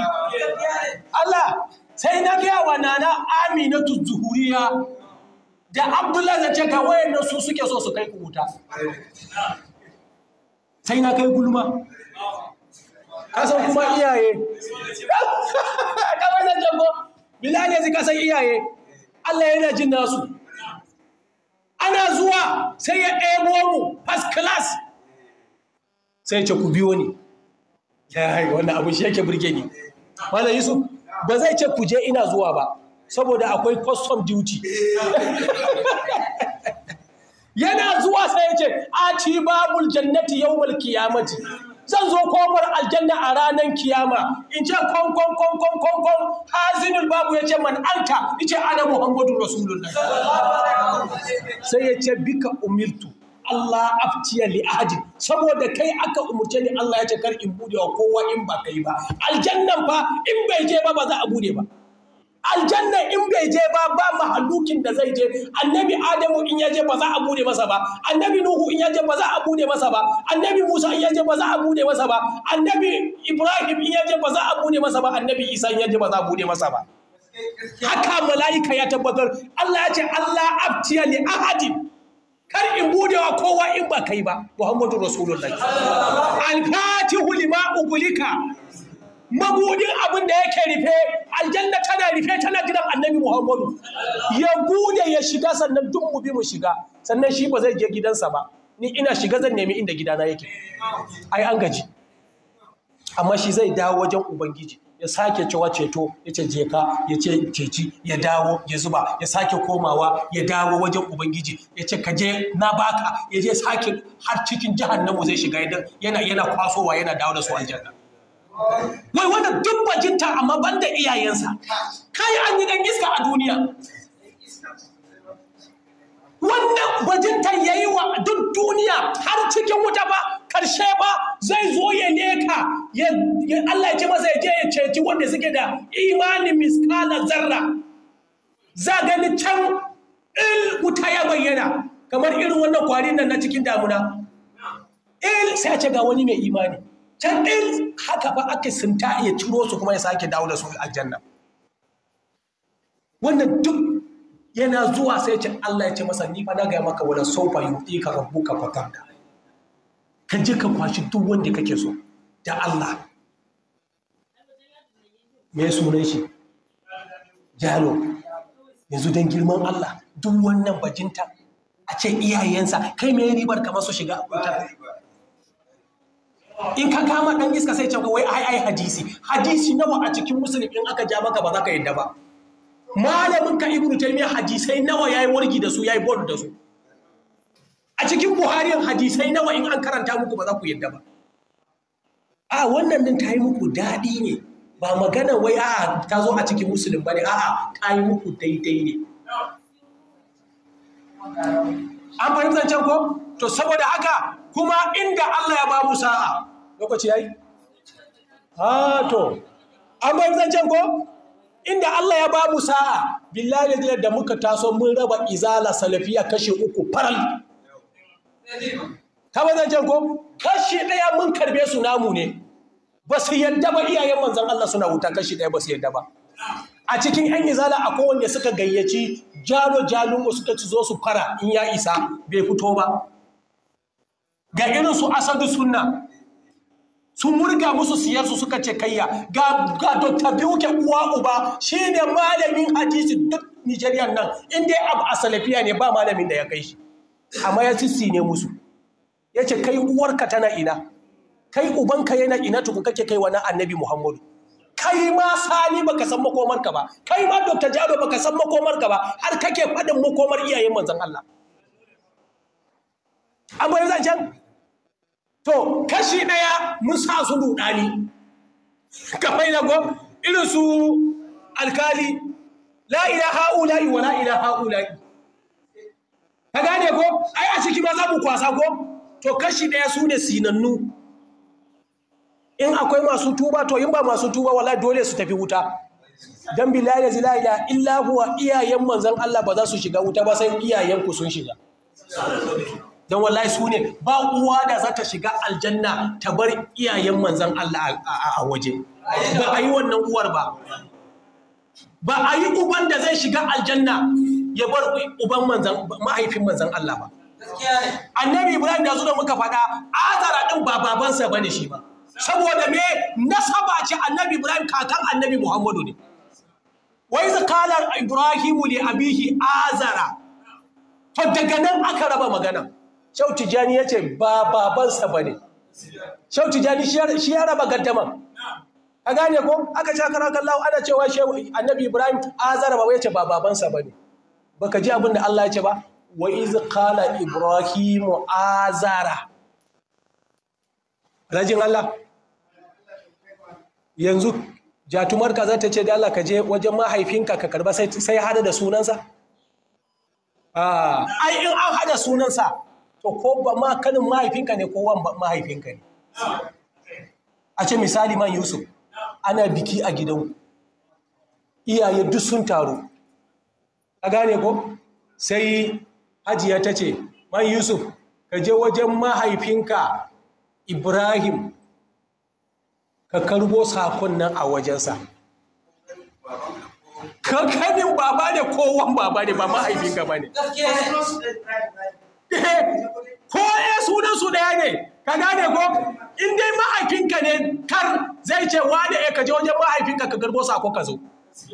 Allah sai na gaya wa nana Aminatu Zuhuriya da Abdullahi da ce ga wayannan su suke so su kai ku sai na kai gulma kasan kuma iyaye da jango bilal yanzu kasan iyaye Allah yana jin nasu ana zuwa sai ya ɗebo mu first class sai ce ku biyo ni yayi wannan abu shi yake burge ni malam yusuf ba zai ce ku je ina zuwa ba saboda akwai custom duty yana zuwa sai ya ce a ci babul jannati yawmal qiyamati zan zo komar aljanna a ranar kiyama in ce kon kon kon kon kon kon hazinul babu ce man anta ce ana muhammadu rasulullah sai ce bika umiltu Allah aftiya li ahadi saboda kai aka umurce ni Allah ya ce kar in bude wa kowa in ba kai ba aljannan fa in bai je ba ba za a bude ba aljanna in bai je ba ba mahallukin da zai je annabi adamu in ya je ba za a bude masa ba annabi nuhu in ya je ba za a bude masa ba annabi musa in ya je ba za a bude masa ba annabi ibrahim in ya je ba za a bude masa ba annabi isa in ya je ba za a bude masa ba haka mala'ika ya tabbatar Allah ya ce Allah abtiya li ahadi kar in bude wa kowa in ba kai ba Muhammadu Rasulullahi. Alfatihu lima ugulika mabudin abin da yake rufe aljanna tana rufe tana gidan annabi muhammadu ya bude ya shiga sannan duk mu bi mu shiga sannan shi ba zai je gidansa ba ni ina shiga zan nemi inda gidana yake ai an gaji amma shi zai dawo wajen ubangiji ya sake cewa ceto ya ce jeka ya ce ceci ya dawo ya zuba ya sake komawa ya dawo wajen ubangiji ya ce kaje na baka ya je sake har cikin mu zai shiga yana kwasowa yana dawo da su aljanna wai wanda duk bajinta amma banda iyayensa kai an yi dan iska a duniya wanda bajinta ya yi wa duk duniya har cikin wuta ba karshe ba zai zo ya ya Allah ya ce masa ya je ya ceci wanda suke da imanin miskala zarra za gani can il wuta ya bayyana kamar irin wannan kwarin nan na cikin damuna il sai a ce ga wani mai imani can ɗin haka ba aka sinta iya ciro su kuma ya sake dawo da su aljanna wannan duk yana zuwa sai ce Allah ya ce masa ni fa na ga maka wala sofa yuti ka rabbuka da. ka je ka kwashi duk wanda kake so da Allah me sunan shi jalo yanzu dan girman Allah duk wannan bajinta a ce iyayensa kai me ribar kamar su shiga wuta in ka kama ɗan iska sai ce ko wai ai hadisi hadisi nawa a cikin musulmi in aka ja maka ba za ka yadda ba malamin ka ibnu taymiya hadisai nawa yayi wargi da su yayi bod da su a cikin buhariyan hadisai nawa in an karanta muku ba za ku yadda ba a wannan din ta yi muku daɗi ne ba magana wai a ta zo a cikin musulun ba ne a ta yi muku daidai ne an fahimtar can ko to saboda haka kuma inda Allah ya ba mu sa'a lokaci ya ha to an bai zancen ko inda Allah ya ba mu sa'a billahi da muka taso mun raba izala salafiya kashe uku faral ka bai zancen ko kashe ɗaya mun karbe su namu ne ba su yadda ba iyayen manzan Allah suna wuta kashe ɗaya ba su yadda ba a cikin yan izala a kowanne suka gayyaci jalo jalungo suka ci zo su fara in ya isa bai fito ba ga irin su asadu sunna sun murga musu siyarsu suka ce kayya ga ga Dr. Biuke uwa uba shine malamin hadisi duk Nigerian nan inda dai abu asalafiya ne ba malamin da ya kai shi amma ya sissi ne musu yace kai uwarka tana ina kai ubanka yana ina tukun kake kai wani annabi Muhammadu kai ma sani baka san makomarka ba kai ma Dr. Jado baka san makomarka ba har kake faɗin makomar iyayen manzon Allah amma yanzu can to kashi ɗaya mun sa su ruɗani kamar na gwam irin su alkali la'ila La'i, wa la'ila La'i. ka gane ko ai a ciki ma za mu kwasa ko to kashi ɗaya su ne sinannu in akwai masu tuba to in ba masu tuba wala dole su tafi wuta Don bi da zi ilaha illa huwa iyayen manzon Allah ba za su shiga wuta ba sai iyayen ku sun shiga don wallahi su ne ba uwa da za ta shiga aljanna ta bar iyayen manzan Allah a waje ba a yi wannan uwar ba ba a yi uban da zai shiga aljanna ya bar uban manzan mahaifin manzan Allah ba annabi ibrahim da zo muka faɗa azara din ba babansa bane shi ba saboda me nasaba ce annabi ibrahim kakan annabi muhammadu ne wai zakalar ibrahimu li abihi azara to daga nan aka raba magana Shau jani ya ce ba babansa ba ne. Shau jani shi ya raba gantama A gane ko aka sha karar kallawa ana cewa annabi Ibrahim azara ba ya ce ba babansa ba ne. Ba ka ji abin da Allah ya ce ba. Wa kala qala Ibrahimu azara. Rajin Allah. Yanzu jatumar ka za ta ce da Allah ka je wajen mahaifinka ka karba sai hada da sunansa? Ah. ai in an hada sunansa to ko ba ma kanin mahaifinka ne ko wan mahaifinka ne a ce misali man yusuf ana biki a gidan iyaye duk sun taru A gane ko sai hajiya ta ce man yusuf ka je wajen mahaifinka ibrahim ka karbo sakon nan a wajensa Kankanin baba ne ko wan baba ne ba mahaifinka ba ne ko ya eh sunan su ɗaya ne ka gane ko in dai mahaifinka ne kar zai ce wane ya eh kaje wajen mahaifinka ka garbo sako ka zo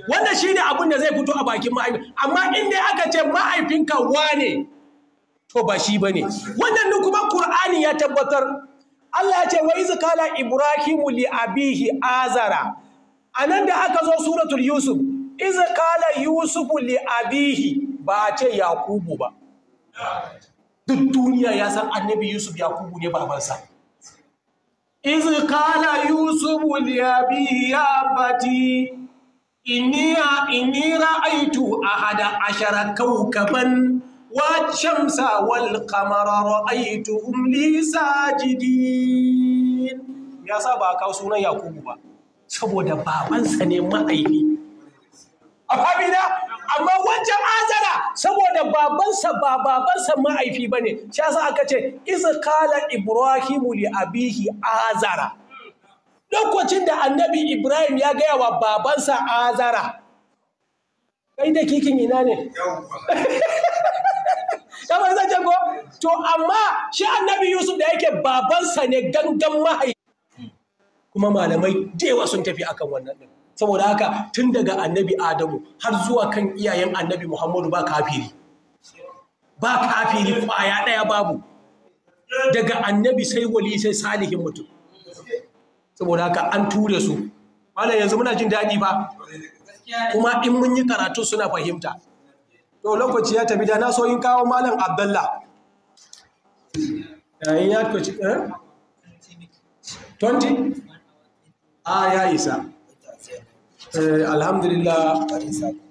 wanda shine abin da zai fito a bakin mahaifin amma in dai aka ce mahaifinka wane to ba shi bane wannan kuma Qur'ani ya tabbatar Allah ya ce wa iz kala ibrahimu li abihi azara anan da aka zo suratul yusuf iz kala yusufu li abihi ba a ce Yakubu ba duk duniya ya san annabi yusuf yakubu ne babansa izu kala yusuf liyabi ya ya iniya inira aitu a hada ashara kaukaban wa shamsa wal aitu ra'aytuhum li ya sa ba kawo sunan yakubu ba saboda babansa ne ma'aifi a fahimta amma wancan azara saboda babansa ba babansa ma'aifi ba ne shi yasa aka ce iza kala ibrahimu li abihi azara lokacin da annabi ibrahim ya gaya wa babansa azara kai da kikin ina ne kamar zai jago to amma shi annabi yusuf da yake babansa ne gangan mahaifi kuma malamai dewa sun tafi akan wannan din saboda haka tun daga annabi adamu har zuwa kan iyayen annabi muhammadu ba kafiri ba kafiri kwaya ɗaya babu daga annabi sai wali sai salihin mutum saboda haka an ture su wala yanzu muna jin daɗi ba kuma in mun yi karatu suna fahimta to lokaci ya tafi da na so in kawo malam abdalla yayin ya toci 20 a ya isa Eh, alhamdulillah